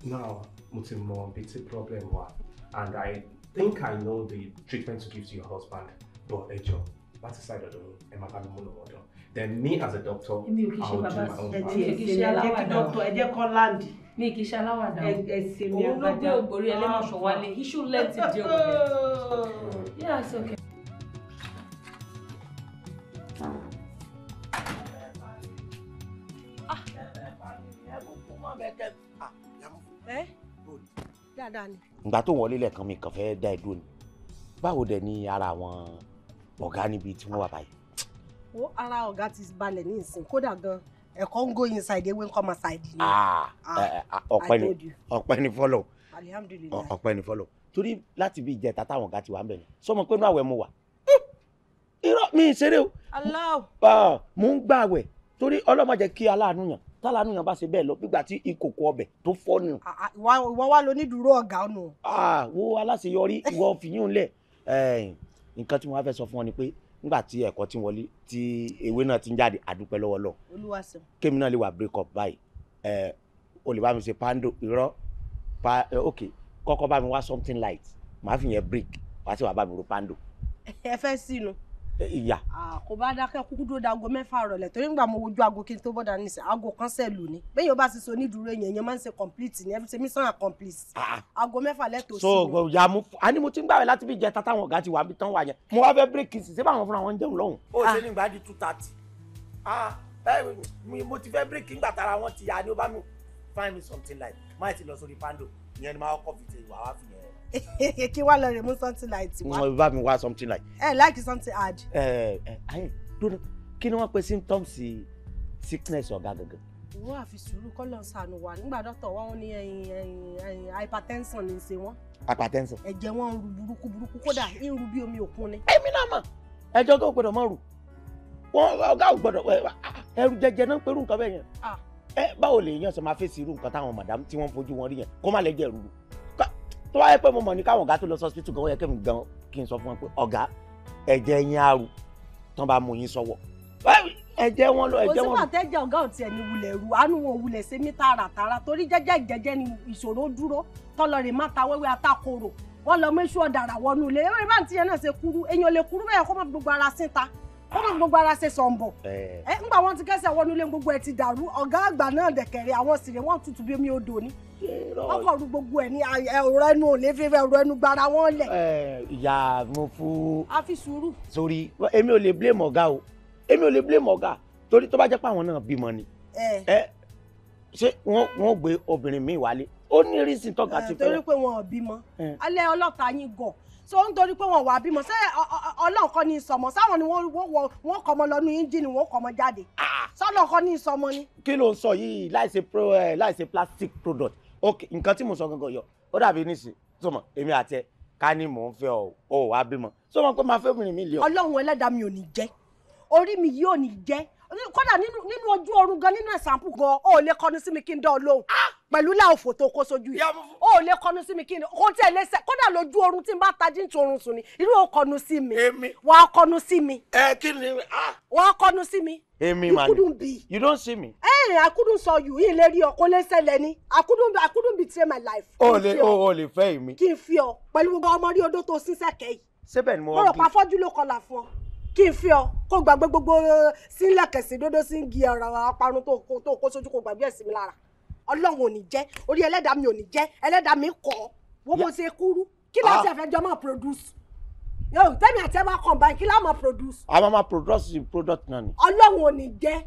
now mo ti mọ ibi problem wa, and i think i know the treatment to give to your husband but ẹ jọ láti ṣàìdọ̀ lórí ẹ máa bá mi mú lọ wọ́dọ̀ then me as a doctor i will do my own part. ẹ kì í ṣe aláwàdà ẹ jẹ́ kọ́ láǹdì. mi kì í ṣe aláwàdà òun ló gbé ògbórí ẹlẹ́mọ̀ṣọ́ wálé he should learn to deal with it. Oh. yeah it's okay. dáadáa ni. ìgbà tó wọlé lẹ́ẹ̀kan mi kàn fẹ́ dá ẹ dúró ni báwo dẹ̀ ni ara àwọn ọ̀gá níbi tí wọ́n wà báyìí. wo ara ọ̀gá ti balẹ̀ ní ìsìn kódà gan ẹ̀kọ́ ń go inside ewé ń kọ́ máa side ni. Ah, eh, eh, ah, ọpẹ́ ni ọpẹ́ ni fọlọ alihamudulilayi ọpẹ́ ni fọlọ torí láti bí ìjẹta táwọn ọ̀gá ti wà ń bẹ̀ ni sọmọ pé inú àwẹ̀ mo wà irọ́ mi ìṣeré o. aláwọ̀. Ah, mo ń gbàwẹ̀ torí ọlọ́mọ jẹ́ kí aláàánú yàn tálánù yẹn bá ṣe bẹ́ẹ̀ lọ gbígbà tí ìkòkò ọbẹ̀ tó fọ́ nù. Ah, ah, ìwọ wá lo onídùúró ọ̀gá ọ̀nà. Ah, wo aláṣeyọrí ìwọ fìyún lẹ̀ nǹkan tí mo wá fẹ́ sọ fún ọ ni pé nígbà tí ẹ̀kọ́ ti wọlé tí ewé náà ti ń jáde àdúpẹ́ lọ́wọ́ lọ. olúwaṣẹ́. kémi náà lè wà break up báyìí o lè bá mi ṣe pando irọ́ pa ok kọ́kọ́ bá mi wá something light màá fi yẹn break wá sí wàá bá mi ro pando. ẹ fẹ́ sínú. Eh, ìyá. kò bá dákẹ́ kúkú dúró dago mẹ́fà rọ̀lẹ́ torí nígbà mo wojú aago kí n tó bọ́dà ní sẹ́ aago kan sẹ́ lù ní bẹ́ẹ̀ yóò bá sì so onídùúró yẹn yẹn máa ń ṣe complete ní everything mi sàn án complete. Ah, ah. aago mẹ́fà lẹ́tọ̀ọ́ sí. so ìyá mo a ní mo ti ń gbàwé láti bí ìjẹta táwọn ọ̀gá ti wà mí tán wà yẹn mo wá fẹ́ bírèkì sí sẹ́bà fúnra wọn ń jẹun lọ́hùn. ó ṣe ah. ní ìgbà di two thirty eh, find me something like máì ti lọ sórí pando ìyẹn ni máa kọ́ kí wàá lọ rè mú something like tiwa. wọn bá mi wá something like. ẹ eh, like something hard. ẹ ẹ ayé dúró kí ni wọn pe symptoms sickness ọ̀gá gangan. wọ́n àfi sùúrù kọ́ lọ sànù wà nígbà dọ́tọ̀ wọn ní hypertension ní í ṣe wọ́n. hypertension. ẹ̀jẹ̀ wọn ń ru burúkú burúkú kódà ń ru bí omi òkun ni. èmi náà mọ̀ ẹjọ́ tó gbọ́dọ̀ mọ̀ rù wọn ọ̀gá ò gbọ́dọ̀ ẹrù jẹjẹ náà ń perú nǹkan bẹ́ẹ̀ yẹn. ẹ ah. eh, báwo lè yan sọ ma fèsì irú nǹkan táwọn màdàm tí wọ́n fojú wọn rí yẹn kó má lè jẹ́ rúru tó wáyé pé mo mọ̀ ní káwọn ọ̀gá tó lọ sọ́sítì gan ó yẹ kémi gan kí n sọ fún wọn pé ọ̀gá ẹ̀jẹ̀ yín àrùn tán bá mú yín sọ́wọ́ ẹ̀jẹ̀ wọn lọ ẹ̀jẹ̀ wọn. òsínbà tẹ́jẹ̀ ọ̀gá ò tiẹ̀ ní wulẹ̀ ru àánú wọn wulẹ̀ ṣe mí tààràtààrà torí jẹ́jẹ́ ìjẹ́jẹ́ ni ìṣòro dúró tọ́lọ́rẹ̀ má ta wẹ́wẹ́ atakoro wọ́n lọ mẹ́sù ọ̀dàrà wọnú ilé ẹ̀rọ ìbá ti yẹn náà ṣe kúrú èèyàn lè kúrú bẹ́ẹ̀ kó má gbogbo ara síta kọ́nà gbogbo ara ṣe sọ̀ǹbọ̀ ẹ ńgbà wọn ti kẹ́sẹ̀ wọnú ilé gbogbo ẹ ti dàrú ọ̀gá àgbà náà dẹ̀kẹ̀rẹ̀ àwọn sì rè wọ́n tutù bí omi odò ni ọkọ̀ ru gbogbo ẹ̀ ní ọ̀rọ̀ ẹnu ò lè fi ọ̀rọ̀ ẹnu gbara wọn lẹ̀. ìyá mo fún. a fi sùúrù. sori èmi ò lè blame ọ̀gá o èmi ò lè blame ọ̀gá torí tó bá jẹ́ pé àwọn náà bímọ ni ṣé wọ́n gbé obìnrin mi wálé ó ní rísìn tọ́ka ti fẹ́. torí pé wọn ò bímọ alẹ́ ọlọ́ta yín gọ̀ so ń torí pé wọn wà bímọ ṣé ọlọ́run kọ́ ní ìsọmọ sáwọn ni wọ́n kọ́ ọmọ lọ́nu engine wọ́n kọ́ ọmọ jáde sọ́lọ́ ah, ah. kọ́ ní ìsọmọ ni. kí ló ń sọ yìí láìsí láìsí plastic product ok nǹkan tí mo sọ gangan yọ ó dàbí nísìnyí sọmọ èmi àti ẹ ká ní mò ń fẹ́ ọ ọ wá bímọ sọmọ pé máa fẹ́ obìnrin mi lè ọ. ọlọ́run ẹlẹ́dàá mi ò ní jẹ́ orí mi yóò ní jẹ́ kódà nínú ojú oorun gan nínú ẹ̀sàmpù gan o ò lè kọnu sí mi kí n dán ọ lóhùn ah! pẹ̀lú láòfò tó kó sojú yìí o ò lè kọnu sí mi kí n kó tiẹ̀ lè sẹ́ kódà lójú oorun tí n bá tají ń torun sùn ni irú o kọnu sí mi wà á kọnu sí mi. Ah! wà á kọnu sí mi. èmi màá ni you don't see me. ẹ ẹ I couldn't saw you yìí lè rí ọ kó lè ṣẹlẹ̀ ni I couldn't I couldn't betray my life. o le, o lè fẹ́ mi. kí n fi ọ pẹ̀lú gbogbo ọmọ rí odó tó sísẹ́ kẹ́ yìí. sébẹ̀ ni mo wá bí. mo rò pa fọ́jú ló kọlà fún ọ kí n fi ọ kó gbàgbé gbogbo eh, sílẹ̀kẹ̀sí dódó sí ń gi ọ̀rọ̀ aparun tó kó tó kó sójú kó gbàgbé ẹ̀sìn mi lára ọlọ́run ò ní jẹ́ orí ẹlẹ́dàá mi ò ní jẹ́ ẹlẹ́dàá mi kọ́ wọ́n mo ṣe kúrú kí ló ṣe ah. fẹ́ jọ máa produce yóò tẹ́mi àti ẹ bá kàn báyìí kí ló máa produce. a máa máa produce the product náà ni. ọlọ́run ò ní jẹ́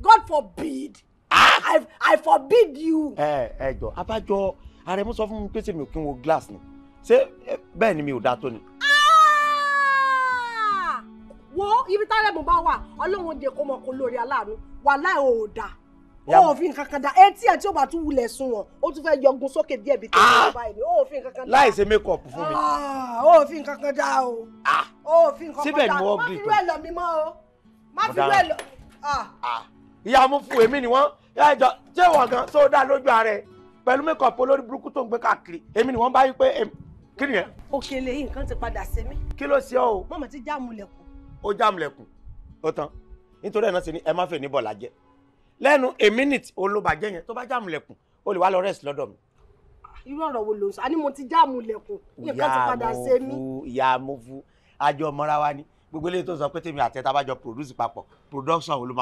God forbid ah! I, I forbid you. ẹ ẹ jọ abájọ ààrẹ mo sọ fún mi pé sèmi ò kí n wo glass ni ṣé bẹ́ẹ̀ ni mi ò dáa tó ni. Ah! wo ibi táyà mo bá wà ọlọ́run dè kó mọ kó lórí aláàánú wàhálà ẹ̀ ò dáa kankan da etí ẹ tí ó bá tún wulẹ̀ sun wọn ó tún fẹ́ yọgun sókè díẹ̀ bíi tẹ̀sán ah! báyìí ni ó òfin kankan da. láìsí make up fún mi. Ah! ó òfin kankan da o. Ah! ó òfin kankan da síbẹ̀ ni wọ́n gbé pé má fi wẹ́ẹ̀ lọ mi mọ́ o má fi wẹ́ẹ̀ lọ. ìyá mo fún èmi ni wọ́n yá ìjọ ṣé ìwọ gan tó dá lójú ara ẹ pẹ̀lú make up olórí burúkú tó ń gbé káàkiri èmi ni wọ́n bá yí pé kí ni ẹ. òkèlè yìí nǹkan ti padà sí mi. kí ló ṣe ọ o. mọ̀mọ́ ti já mulẹ̀ ó jàmùlẹ̀kùn ó tán nítorí ẹ̀ náà ṣe ni ẹ má fẹ́ ní bọ̀lá jẹ́ lẹ́nu a minute olóbàjẹ́ yẹn tó bá jàmùlẹ̀kùn ó lè wá lọ rest lọ́dọ̀ mi. irú ọ̀rọ̀ wo ló ń sọ àní mo ti jàmùlẹ̀kùn nǹkan ti padà ṣe mí. ìyá amófu àjọ mọ́ra wa ni gbogbo eléyìí tó sọ pé tèmi àtẹ tábàjọ produce papọ̀ production wo ló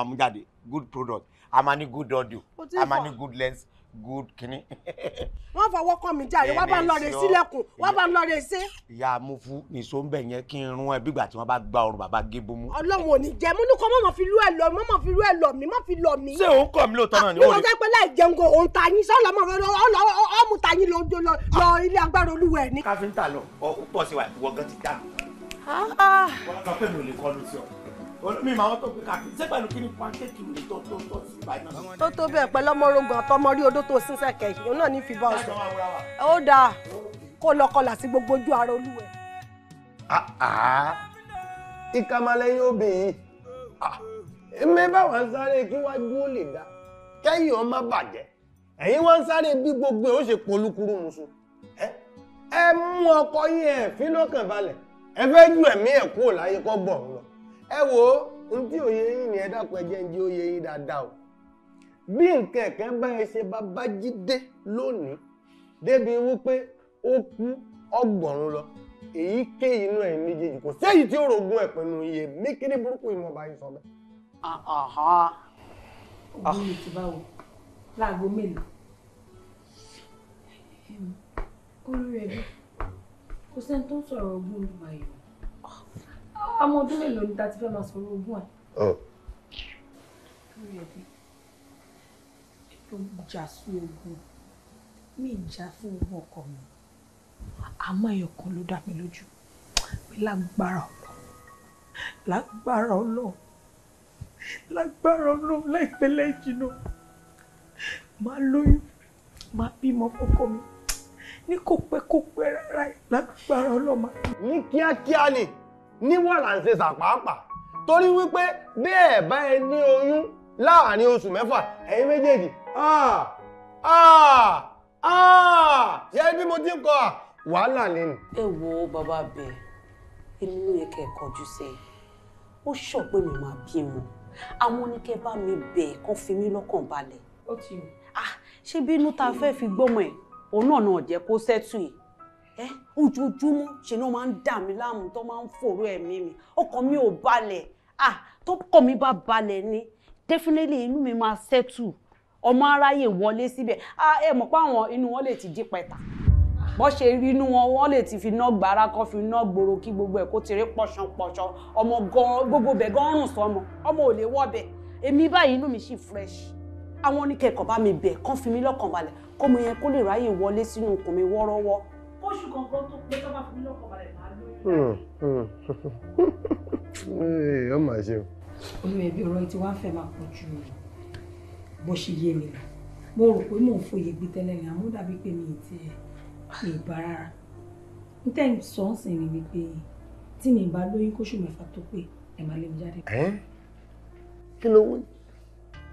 good product a máa good audio a good lens good kini. wọ́n fọwọ́ kàn mí jàre wọ́n bá ń lọ rè sílẹ̀kùn wọ́n bá ń lọ rè sí. ìyá amúfú nìṣó ń bẹ̀ yẹn kí n rún ẹ bígbà tí wọ́n bá gba ọrùn bàbá gébó mú. ọlọ́run ò ní jẹ́ mú ní kọ́ mọ̀mọ́ fi lú ẹ lọ mọ̀mọ́ fi lú ẹ lọ mí mọ̀ fi lọ mí. ṣé òun kọ̀ mí lóòótọ́ náà ni. bí wọ́n jẹ́ pé láì jẹun ko òun ta yín sọ́ọ́ ọmú ta yín lọ ah. ilé agbára olúwẹ̀ ni. káfíńtà lọ ọ olómi máa wọ́n tó gbé kàkí ṣé pẹ̀lú kí ni pancake mi tó tó tó sí báyìí náà. tó tó bẹ́ẹ̀ pẹ̀lú ọmọ orogun àtọmọ rí odó tó sín sẹ̀kẹ̀ yìí òun náà ní fi bá ọ sọ ó dáa kó lọ kọlà sí gbogbo ojú ara olúwẹ̀. Ah, ah. ìkàmàlẹ́yìn obìnrin ah, èmi báwọn sáré kí wájú ó lè dá kẹ́yìn ọmọ bàjẹ́ ẹ̀yin wá ń sáré bí gbogbo ẹ̀ ó ṣe polúkúrú musu ẹ mú ọkọ yín ẹ̀ fi lọ́kàn balẹ̀ ẹ fẹ́ ju ẹ̀mí ẹ̀ kúrò láyé kọ́ gbọ̀n ẹ wo ntí òye yín ni ẹ dákun ẹjẹ ń òye yín dáadáa o bí nǹkan ẹ̀kẹ́ báyìí ṣe Babájídé lónìí débi wípé ó kú lọ ké inú ẹ̀yin méjèèjì kò séyìí tí ó rògùn ẹ̀ pinnu iye burúkú sọ bẹ́ẹ̀. mi ti bá tó ń sọ̀rọ̀ ọmọ ọdún mélòó ni ta ti fẹ́ máa sọ̀rọ̀ ogún ẹ̀. lórí ẹbí èmi jà fún ogún mi jà fún ogún ọkọ mi àmọ́ ẹyọ kan ló dá mi lójú pé lágbára ọlọ lágbára ọlọ lágbára ọlọ láìpẹ́ lẹjìnà máa lóyún máa bímọ fọ́kọ mi ní kò pẹ́ kò pẹ́ rárá lágbára ọlọ máa. ní kíákíá ni. ni níwọ̀n là ń ṣe sàpáàpà torí wípé bí ẹ bá ẹ ní oyún láàárín oṣù mẹ́fà ẹ̀yin méjèèjì ah, ah, ah, ṣe bí mo ti ń kọ à wàhálà lẹ́nu. ẹ wo bàbá bẹ́ẹ̀ èmi ló yẹ kẹ́ ẹ kọjú sí i ó sọ pé mi máa bímọ àwọn oníkẹ́ bá mi bẹ̀ kán fi mí lọ́kàn balẹ̀. ó ti rò. ṣé bínú ta fẹ́ fi gbọ́mọ ẹ̀ òun náà náà jẹ́ kó sẹ́tù yìí ẹ ojoojúmọ́ ṣe náà máa ń dà mí láàmú tó máa ń fòrò ẹ̀mí mi ọkàn mi ò balẹ̀ ah tọkàn mi bá balẹ̀ ni definitely inú mi máa settle ọmọ aráyè wọlé síbẹ̀ ah ẹ mọ̀ pé àwọn inú wọn lè ti dí pẹ̀tà bọ́ ṣe rí inú wọn wọ́n lè ti fi ná gbàrà kan fi ná gbòòrò kí gbogbo ẹ̀ kó tèrè pọ̀ṣọ̀pọ̀ṣọ̀ ọmọ gan gbogbo bẹ̀ gan rùn sọmọ ọmọ ò lè wọ́ bẹ̀ èmi báyìí inú mi sì fresh àwọn oníkẹ́kọ̀ọ́ bá mi bẹ̀ kán fi mí lọ́kàn balẹ̀ kọ́mọ yẹn kó lè ráyè wọlé sínú ikùn mi oṣù kankan tó pé tó bá fi mí lọ́kọ̀ balẹ̀ máa lóyún dáadé. ó mà ṣe o. olùyẹ̀bí ọ̀rọ̀ yìí tí wàá fẹ́ máa pọ̀ ju bó ṣe yé mi lọ mo rò pé mò ń fòye gbé tẹ́lẹ̀ ni àmọ́ dàbí pé mi ti ẹ̀ ìgbà rárá n tẹ́ ń sọ ń sìn ní wípé tí mi bá lóyún kóṣù mẹ́fà tó pé ẹ̀ máa lé mi jáde. kí ló wí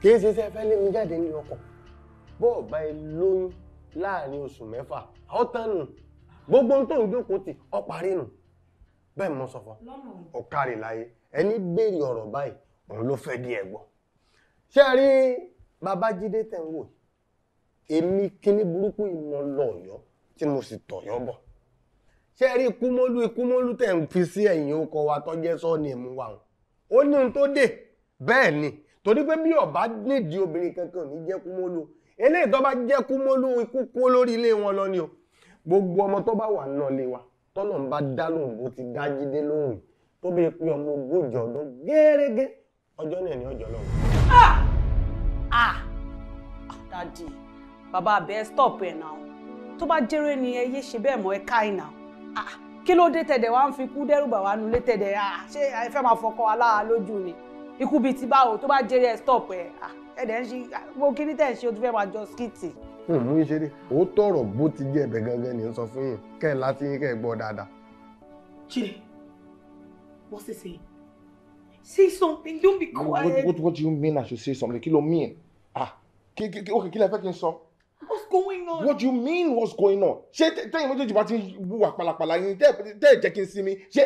kì ṣe ṣe fẹ́ lé mi jáde ní ọkọ̀ bọ́ọ̀ bá ẹ lóyún láàrin oṣù mẹ́fà ọ̀tán nù gbogbo tó ń jókòó tì ọ parí nù bẹ́ẹ̀ mo sọ fún ọ kárí láyé ẹni béèrè ọ̀rọ̀ báyìí òun ló fẹ́ di ẹ̀gbọ́n ṣé rí babájídé tẹ̀ ń wò èmi kíní burúkú ìmọ̀ lọ́ọ̀yọ́ tí mo sì tọ̀yọ́ bọ̀ ṣé rí ikúmólú ikúmólú tẹ̀ ń fi sí ẹ̀yìn ọkọ wa tọ́jẹ́ ni ẹ̀mú wa hàn ó ní ohun tó dé bẹ́ẹ̀ ni torí pé bí ọba nídìí obìnrin kankan ò ní jẹ́ kúmólú eléyìí tó bá jẹ́ kúmólú ikú kó lórí ilé wọn lọ ni o gbogbo ọmọ tó bá wà náà lé wa tọ́nà ń bá dá lóhùn bó ti dá jídé lóhùn tó bí pé ọmọ ogójì ọdún gẹ́rẹ́gẹ́ ọjọ́ náà ní ọjọ́ lọ́wọ́. ah ah dadi bàbá abẹ stop ẹ náà tó bá jẹrẹ ni ẹ yé ṣe bẹ́ẹ̀ mọ́ ẹ ká ẹ náà ah kí ló dé tẹ̀dẹ̀ wá ń fi ikú dẹ́rù bà wá nulẹ̀ tẹ̀dẹ̀ ah ṣé ẹ fẹ́ máa fọkọ alára lójú ni ikú bíi ti báwo tó bá jẹrẹ ẹ stop ẹ ah ẹ̀dẹ̀ ń ṣe gbogbo ah, kí ni tẹ̀ ń ṣe o tún fẹ́ máa jọ skìtì òun yín ṣeré òótọ́ ọ̀rọ̀ bó ti jẹ́ ẹ̀bẹ̀ gangan ni ń sọ fún yín kẹ́ ẹ̀ láti yín kẹ́ ẹ̀ gbọ́ dáadáa. Chidi, what's he saying? Say something, don't be quiet. What, what, do you mean I should say something? Kí ló mean? Ah, kí kí okay, kí lẹ fẹ́ kí n sọ? What's going on? What do you mean what's going on? Ṣé tẹ́yìn méjèèjì bá ti wúwa pàlàpàlà yín tẹ́ ẹ̀ jẹ́ kí n sinmi? Ṣé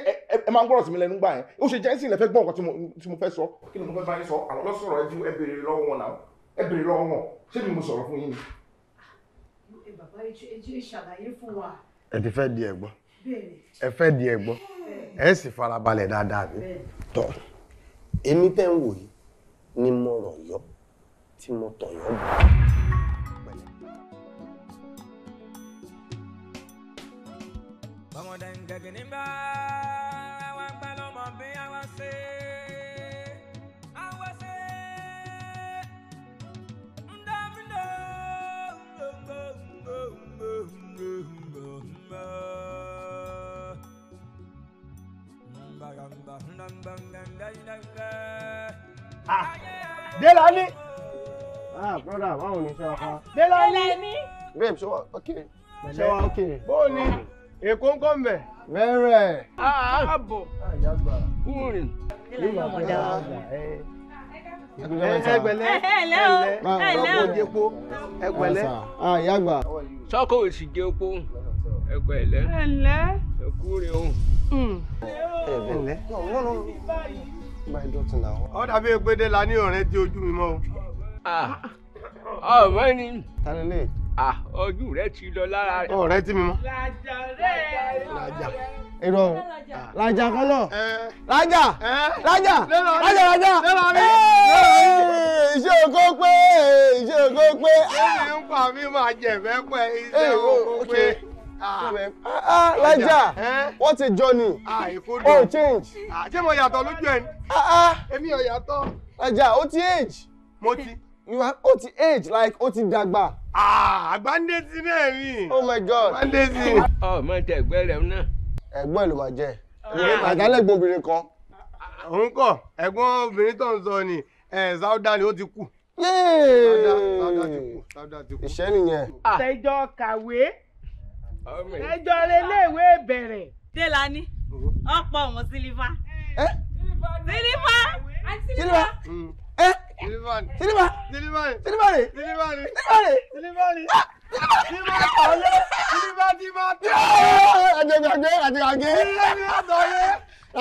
ẹ máa ń gbọ́dọ̀ sí mi lẹ́nu gbà yẹn? Ó ṣe jẹ́ sí ilẹ̀ fẹ́ gbọ́ nǹkan tí mo fẹ́ sọ. Kí ni mo fẹ́ bá yín sọ? Àwọn ọlọ́sọ̀rọ̀ ẹ ju ẹ béèrè lọ́wọ́ wọn náà. Ẹ béèrè lọ́wọ́ wọn. Ṣé mi mo sọ̀rọ̀ fún yín ni? bàbá ẹ ṣàlàyé fún wa. ẹ ti fẹ́ di ẹ gbọ́ ẹ fẹ́ di ẹ gbọ́ ẹ sì farabalẹ̀ dáadáa mi tọ́ èmi tẹ́ ń wò yìí ni mo rọ̀ yọ tí mo tọ̀ yọ bọ̀. Vamos a dar un Delani. Ah, brother, báwo ni you? wá fa? Delani. Babe, ṣe wá okay. Ṣé wá okay. Bó ni Èkó ń kọ́ mbẹ̀? Rẹ́rẹ́. Ààbò. Kúrin. Ẹgbẹ̀lẹ́. Ẹ̀lẹ́ ah, o. Ẹ̀lẹ́ hmm. o. Ẹgbẹ̀lẹ́. Àyàgbà. Sọ́kò òsì jẹ́ opó. Ẹgbẹ̀lẹ́. Ẹ̀lẹ́. Ẹ̀kúrin o. Ẹ̀lẹ́. My daughter now. Ó dàbí Egbede la ní ọ̀rẹ́ tí ojú mi mọ́ o. Ọ̀rẹ́ ni. Ta ni lè? Ojú rẹ̀ ti lọ lára rẹ̀. Ọ̀rẹ́ tí mi mọ́. Làjà rẹ̀. Làjà. Irọ́ o. Làjà kan náà. Làjà. Làjà. Làjà làjà. Iṣẹ́ oko pé. Iṣẹ́ oko pé. Ṣé ń pa mi máa jẹ̀fẹ́ pẹ́ iṣẹ́ oko pé? Ah, ah, ah lájà wọ́n ti jọ ni ah, o oh, change. ṣé mo yàtọ̀ lójú ẹ̀ ni èmi ò yàtọ̀. lájà o ti age. mo ti. you are o ti age like o ti dàgbà. àgbáńdésí náà mi. oh my god. àgbáńdésí. ọmọ tẹ ẹgbẹ́ rẹ̀ náà. ẹ̀gbọ́n ẹ̀ ló máa jẹ́ àgálẹ̀gbọ́n obìnrin kan. òun kọ ẹ̀gbọ́n obìnrin tó ń sọ ni Sauda ni ó ti kú. yéé Sauda ti kú. ìṣẹ́ nìyẹn. àtẹ̀jọ́ kàwé ẹjọ́ iléèwé bẹ̀rẹ̀. délani ọ̀pọ̀ wọn sílífà. sílífà. Mm. Eh? sílífà. sílífà. sílífà. sílífà. sílífà rè. sílífà rè. Ah! sílífà rè. sílífà tọ̀lé. sílífà tí máa tẹ̀. Ah! àjẹgbàgbé àjẹgbàgbé. sílífà tọ̀lé.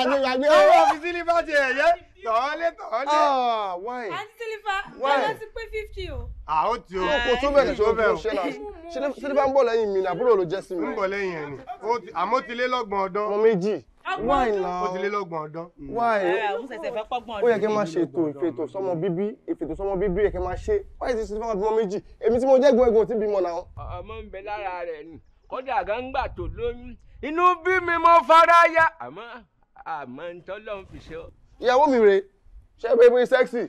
àjẹgbàgbé. ọwọ́ fi sílífà tiẹ̀ yẹ tọ́lé tọ́lé. Ah, why. àti sílífà ọlọ́ ti pé fifty o. a ah, ó ti o. kò tó bẹ̀rẹ̀ tó bẹ̀rẹ̀ o. sílífà ń bọ̀ lẹ́yìn mi àbúrò ló jẹ́ sí mi. ń bọ̀ lẹ́yìn ẹ̀ ni àmọ́ ti lé lọ́gbọ̀n ọdún. ọmọ méjì why now ó ti lé lọ́gbọ̀n ọdún. Mm. why ó yẹ kí n máa ṣètò ìfètò sọmọ bíbí ìfètò sọmọ bíbí yẹ kí n máa ṣe why is this sílífà ọdún méjì èmi tí mo jẹ́ gbọ́n ẹ̀gbọ́n tí bímọ náà. ọmọ ń bẹ lára rẹ ni kódà gángbà tó lóyún inú bí mi mo fara ya àmọ́ àmọ́ ntọ́lọ́ ń fi ṣe ọ́ ìyàwó mi rèé ṣe pé pé sẹ́ksì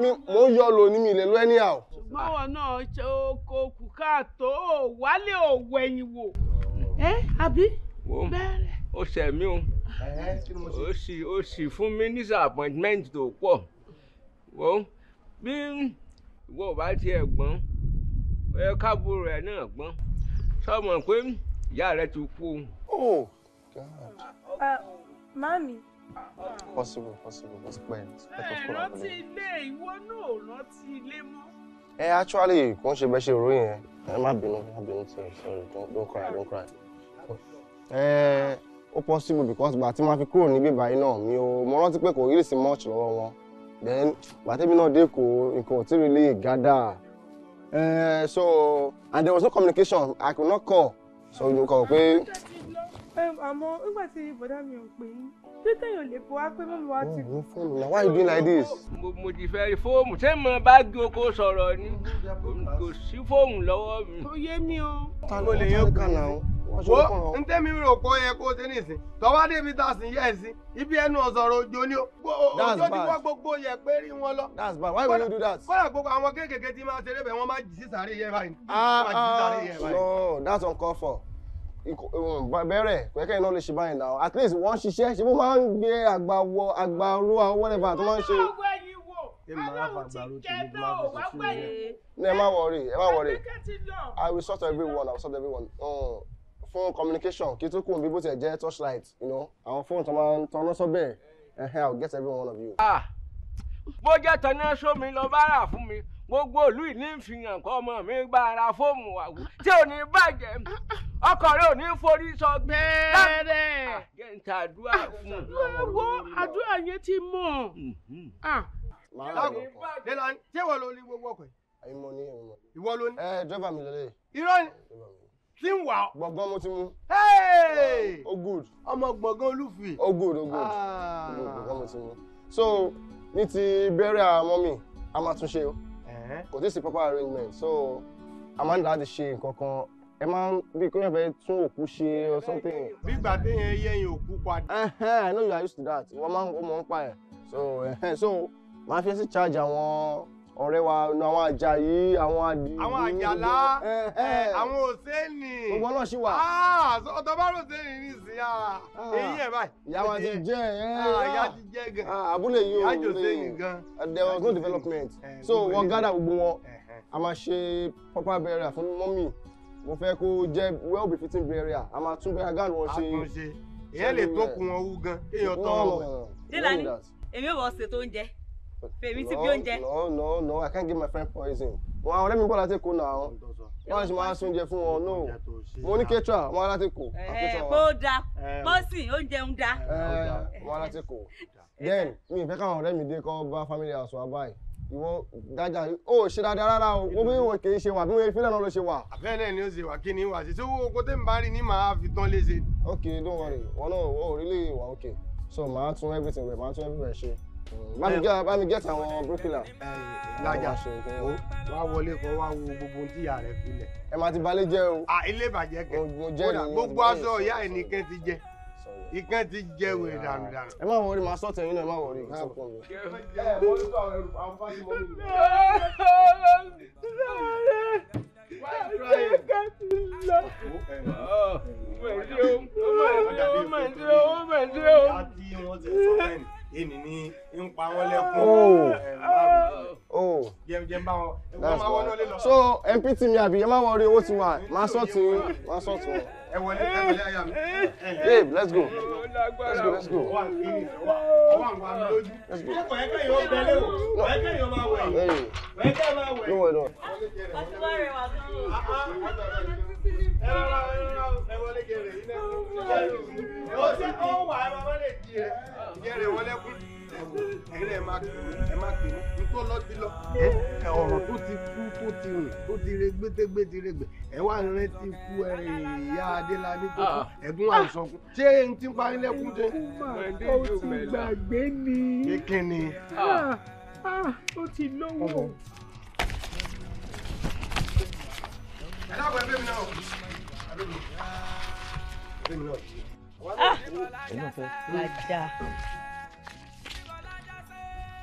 mi mò ń yọ lò ní mi ìlẹ̀ lọ ẹni à o. ṣùgbọ́n wọn náà ṣe oko kù káàtó wálé òwò ẹ̀yìn wò. ẹ àbí bẹ́ẹ̀rẹ̀. ó ṣe mí o ó sì ó sì fún mi ní disappointment tó pọ̀ wò bí ìwọ ò bá tiẹ̀ gbọ́n ẹ káàbọ̀ rẹ̀ náà gbọ́n sọmọ pé ìyá rẹ ti kú. oh god. Uh, mami possible possible but pẹ́ pẹ́ tó kó làbúlé. ẹ rántí ilé ìwọ náà rántí ilé mọ́. ẹ actually kò ń ṣe bẹ́ẹ̀ ṣe ròyìn ẹ ẹ má bínú má bínú tí sorry don't, don't cry don't cry. ẹ ó possible because gbà máa fi kúrò níbí báyìí náà mi ò mo rántí pé kò rí sí much lọ́wọ́ wọn then gbàtẹ́bí náà dé kó nǹkan ò tí ì lè gádà so and there was no communication I could not call so nǹkan ò pé àmọ́ nígbà tí bọ̀dá mi ò pè yín ṣé téèyàn lè fọwọ́ pé mọ́mọ́ wa ti. mo fóònù na why you doing like this. mo mo ti fẹ́ rí ṣé mo bá gbé oko sọ̀rọ̀ ni kò sí fóònù lọ́wọ́ mi. ó yé mi o. ta ló lè yẹn kàn náà wo n tẹ́mi rò pé yẹ kó o ti nìsín tọ́wá débi tá a sì ń yẹ ẹ̀sìn ibi ẹnu ọ̀sọ̀rọ̀ òjò ni òjò ti wọ́ gbogbo yẹ pé rí wọn lọ. that's bad why will you do that. kọ́lá gbogbo àwọn kéékèèké tí máa ṣeré bẹ̀ wọ́n máa jì sí sàárè yẹ báyìí. ah ah no that's uncalled for. Eh, bẹ̀rẹ̀ pẹ̀kẹ́ iná lè ṣe báyìí náà at least wọ́n ṣiṣẹ́ ṣe bó máa ń gbé àgbà wọ àgbà ro àwọn ẹ̀fà tó máa ń ṣe. ẹ má wọrí ẹ má wọrí i will sort everyone i will sort everyone fún uh, communication kí tó kù bí bó tiẹ̀ jẹ́ torchlight àwọn fóònù tó máa ń tọ́nà sọ́bẹ̀ i will get every one of you. Ah! bó jẹ́ tọ́ná sómi lọ bá rà fún mi gbogbo ìlú ìní ìfihàn kọ́ ọmọ mi gba ara fóònù wàwú tí ò ní bàjẹ́ ọkọ rẹ ò ní forí sọ bẹ́ẹ̀. àjẹǹtà ah, àdúrà fún un. wo àdúrà yẹn ti mọ̀. Mm-hmm. Ah. délani ṣé ìwọ ló ní gbogbo ọkọ yìí. àyìnbó ní ìwọ. ìwọ ló ní. ẹ dírẹ́bà mi lélẹ̀. irọ́ ni tí ń wà. gbọ̀ngàn mo ti mú. o oh, good. ọmọ gbọ̀ngàn olúfin. o oh, good o oh, ah. good. gbọ̀ngàn mo ti mú. so ní ti bẹ́rẹ̀ àmọ́ mi a máa tún ṣe o kò tí ì sí proper arrangement so a máa ń dáadé ṣe nǹkan kan ẹ máa ń bí kí wọ́n fẹ́ tún òkú ṣe or something. bí ìgbà téèyàn yẹ̀yìn òkú padà. i know you are used to that wọ́n máa ń mọ̀ ń pa ẹ̀ so ẹhẹn so máa fi sí charge àwọn ọ̀rẹ́ wa àwọn Àjàyí àwọn Àdì. àwọn Àjàlá àwọn Òsénì. gbogbo náà ṣì wà. Ah, ọ̀tọ̀ bá rọ̀sẹ́nì ní ìsìn yà ah, ah. èyí ẹ̀ báyìí. ìyáwó ti jẹ́ ẹ̀ ìyá ti jẹ́ gan. abúlé yìí ò ní uh, there was no development eh, so eh, wọ́n eh, gádà gbogbo wọn a máa ṣe proper burial fún mọ́mì mo fẹ́ kó jẹ́ well befitting burial a máa tún bẹ́ẹ̀ gáàdì wọn ṣe. ìyẹn lè tó kun wọn wú gan èèyàn tán wọn. dílani èmi ò wọ ṣètò oúnjẹ fèmí ti bí oúnjẹ. no no no i can't give my friend poison wọn àwọn ọ̀rẹ́ mi bọ̀ láti kó nà wọn wọn sì máa sóúnjẹ fún wọn no mo ní kẹtura wọn láti kó. kó da kó sì oúnjẹ ń da. wọn láti kó then mi ìfẹ́ káwọn ọ̀rẹ́ mi dé kọ́ bá family house wa báyìí ìwọ gàjà ó ṣe dáadáa rárá o wọ́n bí wọn kì í ṣe wà bí wọ́n fi lẹ́nu ló ṣe wà. àbẹ́ẹ̀lẹ̀ ni ó ṣe wà kí wà sí tí owó kóté ń bá rí ni màá fi tán léṣe. ok don't worry wọn náà wọn ò rí wà ok so màá tún everything rẹ màá tún everywhere ṣe bá mi get àwọn brokila. lájà o wá wọlé kan wá wo gbogbo ohun tí ìyá rẹ fi lẹ̀. ẹ máa ti balẹ̀ jẹ́ o. à ilé ìbàjẹ́ kẹ́ gbogbo aṣọ ìyá ẹ̀ ìkan ti jẹ ìwé ìdànù dànù. ẹ má wọrí màá sọ́ọ̀tì ẹ̀yin náà ẹ má wọrí ìgbésẹ̀ fún mi. Èmi ni ń pa wọ́n lẹ́kún. Jẹ́m bá wọn. So, MPT mi àbí ẹ má wọrí owó tiwa, màá sọ́ọ̀tì wọn. Eh, eh. babe let's go let's go let's go. ọwọ́ àgbẹ̀yìn ọwọ́ àgbẹ̀yìn lójú. ẹ̀kọ́ ẹ̀kọ́ yìí ó tó lọ ti lọ ọ̀rọ̀ tó ti kú tó ti rìn tó ti re gbẹ́tẹ́gbẹ́ ti re gbẹ́ ẹ wá rántí ikú ìyá adélaní tó kú ah. ẹ̀gún àìsànkún ṣé n ti parí lẹ́kún jẹ. ó ti gbàgbé ni. kíkíni. Ah, ah, ó ti lówó. ẹ dábọ̀ ẹgbẹ́ mi náà ẹgbẹ́ mi náà. ẹ̀yin náà fẹ́.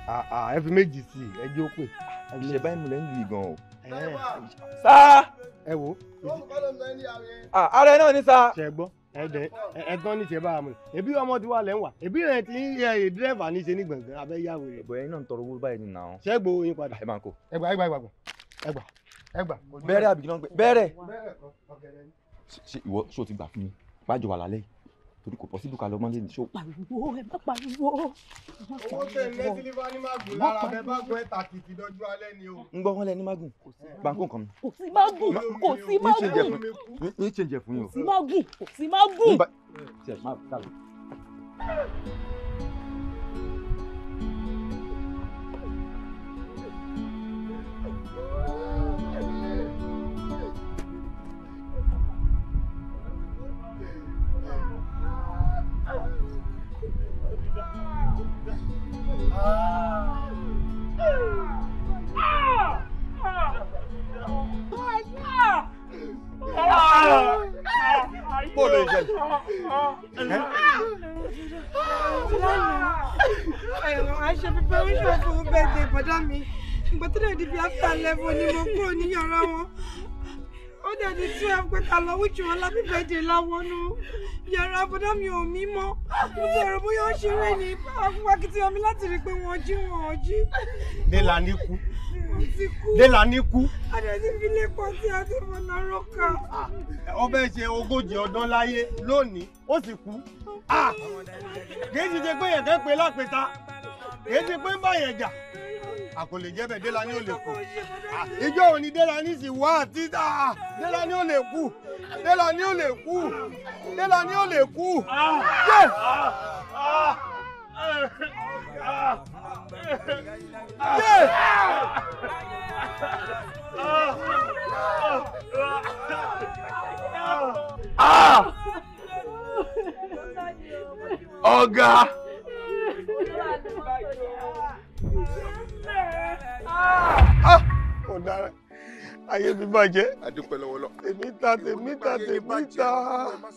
Ah, ah, ẹ fi méjì sí i ẹjọ́ pè. Ah, ìṣẹ̀ báyìí múlẹ̀ ń lu ìgàn o. sá. ẹ wo. ara ẹ náà ní sá. ṣe gbọ́ ẹ̀dẹ̀ ẹ̀gbọ́n ní ṣe bá a mọ̀ ẹbí ọmọ ti wà lẹ́wà ẹbí rẹ̀ ti ń yẹ dírẹ́fà ní ṣe ní gbọ̀ngàn abẹ́ yàwó rẹ̀. ẹ̀bọ̀ ẹ̀yin náà ń tọrọ owó báyìí nìyà wọn. ṣé gbowó yín padà. ẹ máa kó. ẹgbà ẹgbà ẹgbà ẹgbà ẹgbà. bẹ́ẹ̀rẹ̀ àbí kí náà ń pẹ́ bẹ́ẹ̀rẹ̀. ṣe ìwọ sọ ti gbà fún mi pàjọ wà lálẹ́ yìí torí kò pọ̀ síbi ká lé ní ṣó pariwo ẹ má pariwo. owó tẹ̀lé sílífà ní magun lára bẹ́ẹ̀ bá gun ẹ̀ tàkìtì dọ́jú alẹ́ ni o. ń gbọ́ wọn lẹ ní magun banko nǹkan mi. kò sí magun kò sí magun ní ṣèǹjẹ fún yín o. kò sí magun kò sí magun. Bolo yiyeceğim. Ayşe pípẹ́ ó ṣòfò bẹ́ẹ̀ dé bọ́dá mi. Ìgbà tó dẹ̀ di bí after level ni mo kúrò ní yàrá wọn ó dẹ̀ di twelve pé ká lọ wíjú wọn lábí bẹ́ẹ̀dẹ̀ láwọnú yàrá bọ́dá mi ò mí mọ́ mo ti rò bóyá ó ṣeré ní akitiyan mi láti rí i pé wọ́n jí wọ́n jí. délà ní kú délà ní kú. àdàtí fílẹ̀ pọ̀ tí a rọ́kà. Ah, ó ṣe ogójì ọdún láyé lónìí ó sì kú. Ah, kì í ti ṣe pé yẹ̀kẹ́ pé lápẹ̀ta kì í ti pé ń bá yẹn jà àkòlè jẹ́ bẹ́ẹ̀ Délání ò lè kú ìjọ òní Délání sì wá àti tà Délání ò lè kú Délání ò lè kú Délání ò lè kú. Ah! ọ̀gá. Yeah. Yeah. Ah! ọ̀daràn ah! ayé mi bàjẹ́. adúpẹ́ lọ́wọ́lọ́. èmi ta tèmi ta tèmi ta.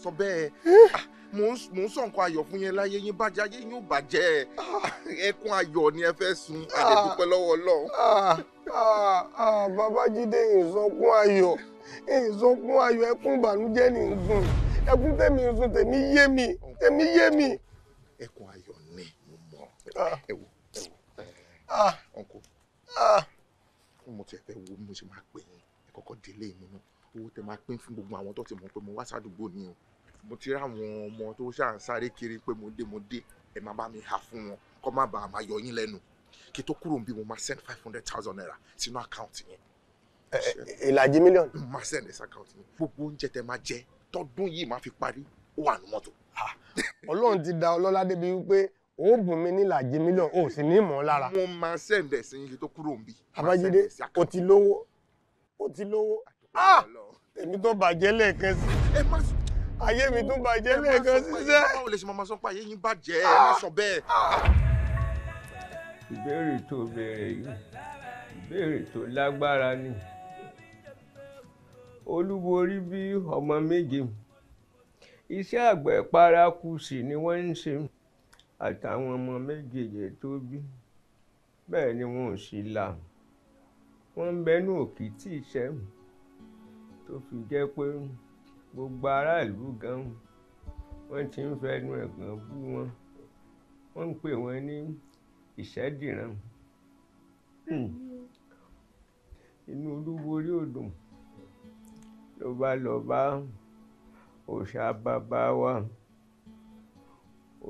sọ bẹ́ẹ̀ ah, mò ń sọ nǹkan ayọ̀ fún yẹn láyé yín bàjẹ́ ayé yín ò bàjẹ́ ah! ẹkún ayọ̀ ni ẹ fẹ́ sun adúpẹ́ lọ́wọ́lọ́. babájídé ìsọkún ayọ̀ ìsọkún ayọ̀ ẹkún ìbànújẹ́ ní gun ẹkún tèmi sun tèmi yé mi tèmi yé mi. ẹkún ayọ̀ ni mo mọ̀ ẹ wò ẹ wò ọkọ mo ti fẹ́ wo mo ṣe máa pè yín ẹ kọ́kọ́ délé mi náà owó tẹ máa pín fún gbogbo àwọn tó ti mọ̀ pé mo wá sádùúgbò ni o mo ti ráwọn ọmọ tó ṣáà ń sáré kiri pé mo dé mo dé ẹ máa bá mi hà fún wọn kó má bàa máa yọ yín lẹ́nu kí tó kúrò níbí mo máa send five hundred thousand naira sínú àkáǹtì yẹn. ìlàjì mílíọ̀nù. mo máa send ẹ̀sà àkáǹtì yẹn gbogbo oúnjẹ tẹ máa jẹ tọdún yìí máa fi parí ó wà ní mọ́tò. ọlọ́run ti da ọlọ́lá débi wípé ó bùn mí ní ìlàjì mílíọ̀n ó sì ní ìmọ̀ lára. mo máa sẹ́ǹdẹ̀ sí iye tó kúrò ń bí. Abájídé o ti lówó o ti lówó ah! èmi tó bàjẹ́ lẹ́ẹ̀kan sí. ayé mi tó bàjẹ́ lẹ́ẹ̀kan sí sẹ́. báwo lè ṣe máa sọ pé ayé yín bàjẹ́ ẹ má sọ bẹ́ẹ̀. ìbéèrè tó béèrè yìí ìbéèrè tó lágbára ni olúborí bí ọmọ méje iṣẹ́ àgbẹ̀ paraku sí ni wọ́n ń ṣe àtàwọn ọmọ méjèèjì tó bí bẹ́ẹ̀ ni wọn ò sì là wọ́n ń bẹnu òkìtì ìṣẹ́hùn tó fi jẹ́ pé gbogbo aráàlú gan-an wọ́n ti ń fẹnu ẹ̀gàn bú wọn wọ́n ń pè wọ́n ní ìṣẹ́dìran hmm. inú olúwo odò ló bá lọ bá òòṣà bàbá wa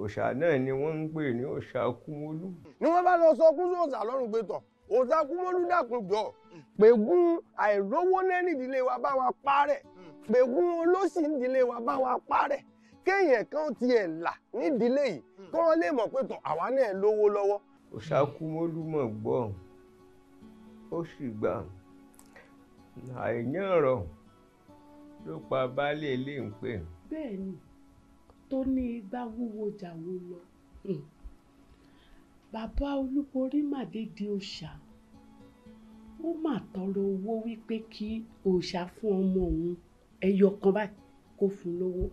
òòṣà náà ni wọ́n ń pè ní òòṣà kúmólú. ni wọ́n bá lọ sọ kú sóòṣà lọ́rùn pé tọ̀ òòṣà kúmólú dákun jọ pègún àìrówó lẹ́ni ìdílé wa bá wa parẹ́ pègún olóṣì ìdílé wa bá wa parẹ́ kéèyàn kan tiẹ̀ là nídìílé yìí kí wọ́n lè mọ̀ pé tọ̀ àwa náà lówó lọ́wọ́. òòṣà kúmólú mọ̀ gbọ́ ó sì gbà àìyàn rọ̀ ló pa baálé ilé ń pè. bẹ́ẹ̀ tó ní igbá wúwo jàwó lọ hmm. bàbá olúborí màdé di òòṣà ó mà tọrọ owó wípé kí òòṣà fún ọmọ òun ẹyọ kan báyìí kó fún lówó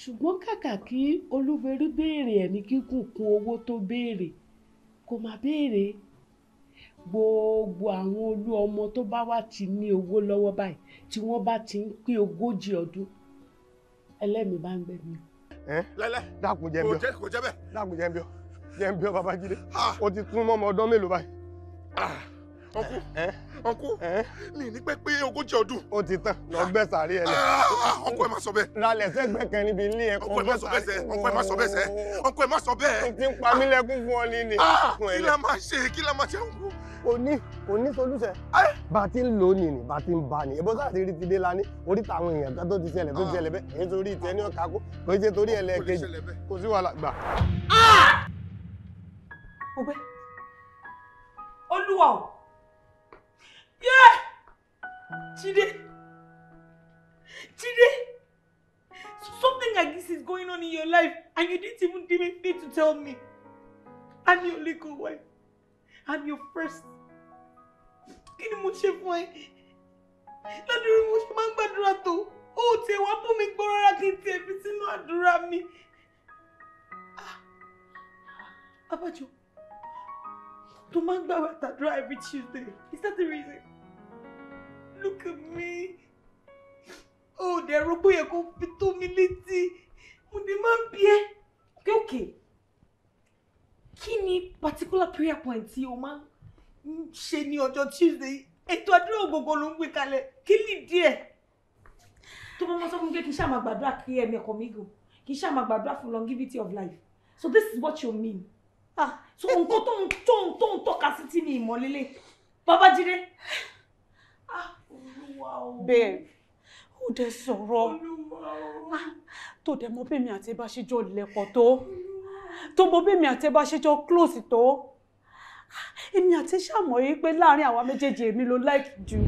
ṣùgbọ́n kàkà kí olúborí béèrè ẹ̀mí kíkùn kún owó tó béèrè kò má béèrè gbogbo àwọn olú ọmọ tó bá wà ti ní owó lọ́wọ́ báyìí tí wọ́n bá ti ń pín ogójì ọdún ẹlẹ́mìí bá ń gbẹ mi. ẹ lẹ́lẹ́ dákun jẹ́ bíọ́ kò jẹ́ bẹ́ẹ̀ dákun jẹ́ bíọ́ jẹ́ bíọ́ Babájídé ó ah. ti tún mọ́ ọmọ ọdún mélòó báyìí. ọkùn ah ọkú mi ní pẹ́ pé ogójì ọdún. ó ti tán lọ gbẹ́ sàárẹ̀ ẹ̀ lẹ̀. ọkọ ẹ má sọ bẹ́ẹ̀. ralẹ̀ sẹ́gbẹ́ kan níbi ilé ẹ̀ kọ́ gbẹ́ sàárẹ̀ ọkọ ẹ má sọ bẹ́ẹ̀ sẹ́ ọkọ ẹ má sọ bẹ́ẹ̀. o ti ń pa mí lẹ́kún fún ọ líle. Ah, kí la máa ṣe kí la máa ṣe ń kú. O ní o ní solúṣẹ. bá a ti ń lò ní ni bá a ti ń ba ni ìbọn sáà ti rí ti dé la ní oríta àwọn èèyàn kan tó ti ṣẹlẹ̀ tó ti ah. ṣẹlẹ̀ bẹ́ẹ̀ èyí torí ìtẹ́ ní ọ̀ka kó kò ṣe torí ẹlẹ́ẹ̀kejì kò ah! olúwa o Yeah! Chide! Chide! Something like this is going on in your life and you didn't even need to tell me. I'm your legal wife. I'm your first. Kini mo ṣe fún ẹ? mo ṣe máa ń gbàdúrà tó. O ò tiẹ̀ wá bọ́ mi gbọ́ rárá kí n tiẹ̀ fi sínú àdúrà mi. Ah. Abájọ, n máa ń gbàwẹ̀ gbawe every Tuesday. Is that the reason? Look at me. Oh, dẹ̀ ro pé yẹ kó fi tó mi létí. Mo dẹ̀ máa ń bí ẹ́. Okay, okay. Kí ni particular prayer point tí o máa ń ṣe ní ọjọ́ Tuesday? Ètò àdúrà gbogbo ló ń gbé kalẹ̀. Kí ni díẹ̀? Tó bá mọ sọ fún mi pé ṣáà máa gbàdúrà kí ẹ̀mí ẹ̀kọ́ mi gùn. Kì í ṣáà máa gbàdúrà fún longevity of life. So this is what you mean. Ah, so nǹkan tó ń tó ń tó ń tọ́ka sí ti ní ìmọ̀lélẹ̀. Babájídé babe ó dẹ̀ sọ̀rọ̀ ah, tó dẹ̀ mọ̀ bẹ́ẹ̀ mi àti ẹ bá ṣe jọ lẹ̀pọ̀ tó tó mọ̀ bẹ́ẹ̀ mi àti ẹ bá ṣe jọ close tó ah, èmi àti ṣàmọ̀ yìí pé láàrin àwa méjèèjì èmi ló like jù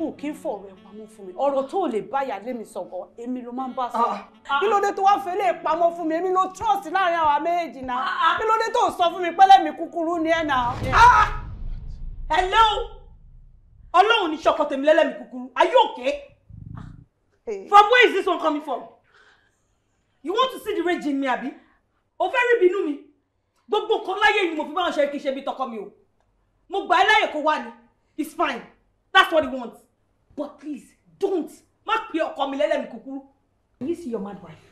ò kí ń fọ̀rọ̀ ẹ̀ pamọ́ fún mi ọ̀rọ̀ tó lè báyà lé mi sọ̀gọ̀ èmi ló máa ń bá sọ ah, kí ló dé tó wá fẹ́ lè pamọ́ fún mi èmi ló trust láàrin àwa méjèèjì náà kí ló dé tó sọ fún mi pẹ́lẹ́mì kúkúrú ni ẹ̀ náà. hello ọlọ́run ní ṣọkọ tèmi lẹ́lẹ́mì kúkúrú are you okay? from where is this one coming from? you want to see the rage in me abi? o fẹ́ rí bínú mi gbogbo nǹkan láyé yìí mo fi báwọn ṣe kí ṣe bí tọkọ mi o mo gbà ẹ́ láyè kó wá ni it's fine that's what he wants but please don't má pe ọkọ mi lẹ́lẹ́mì kúkúrú. Can you see your mad wife?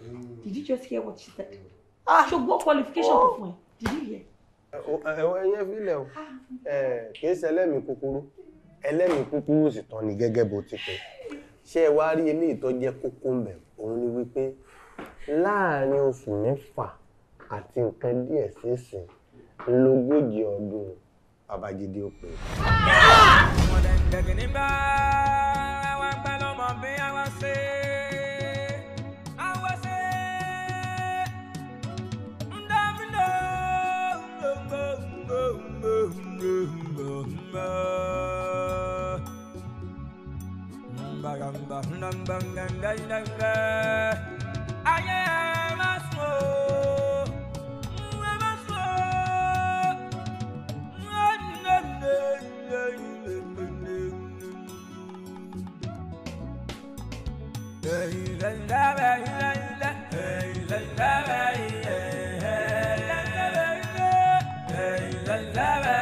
Did you just hear what she said? Ah. So what qualification oh. fún ẹ? Did you hear? Ẹ̀wọ̀n eh, oh, eh, oh, ẹ̀yẹ́ fílẹ̀ o, ah, eh, kì í ṣẹlẹ́mì kúkúrú ẹlẹ́mìí kúkúrú sì tán ni gẹ́gẹ́ bó ti pè ṣé ẹ wá rí eléyìí tó jẹ́ kókó mbẹ̀ òun ni wípé láàárín oṣù mẹ́fà àti nǹkan díẹ̀ sísìn lógójì ọdún babájídé ó pè. Oh, bahunambangangainanga aye maso mwe maso Hey, la la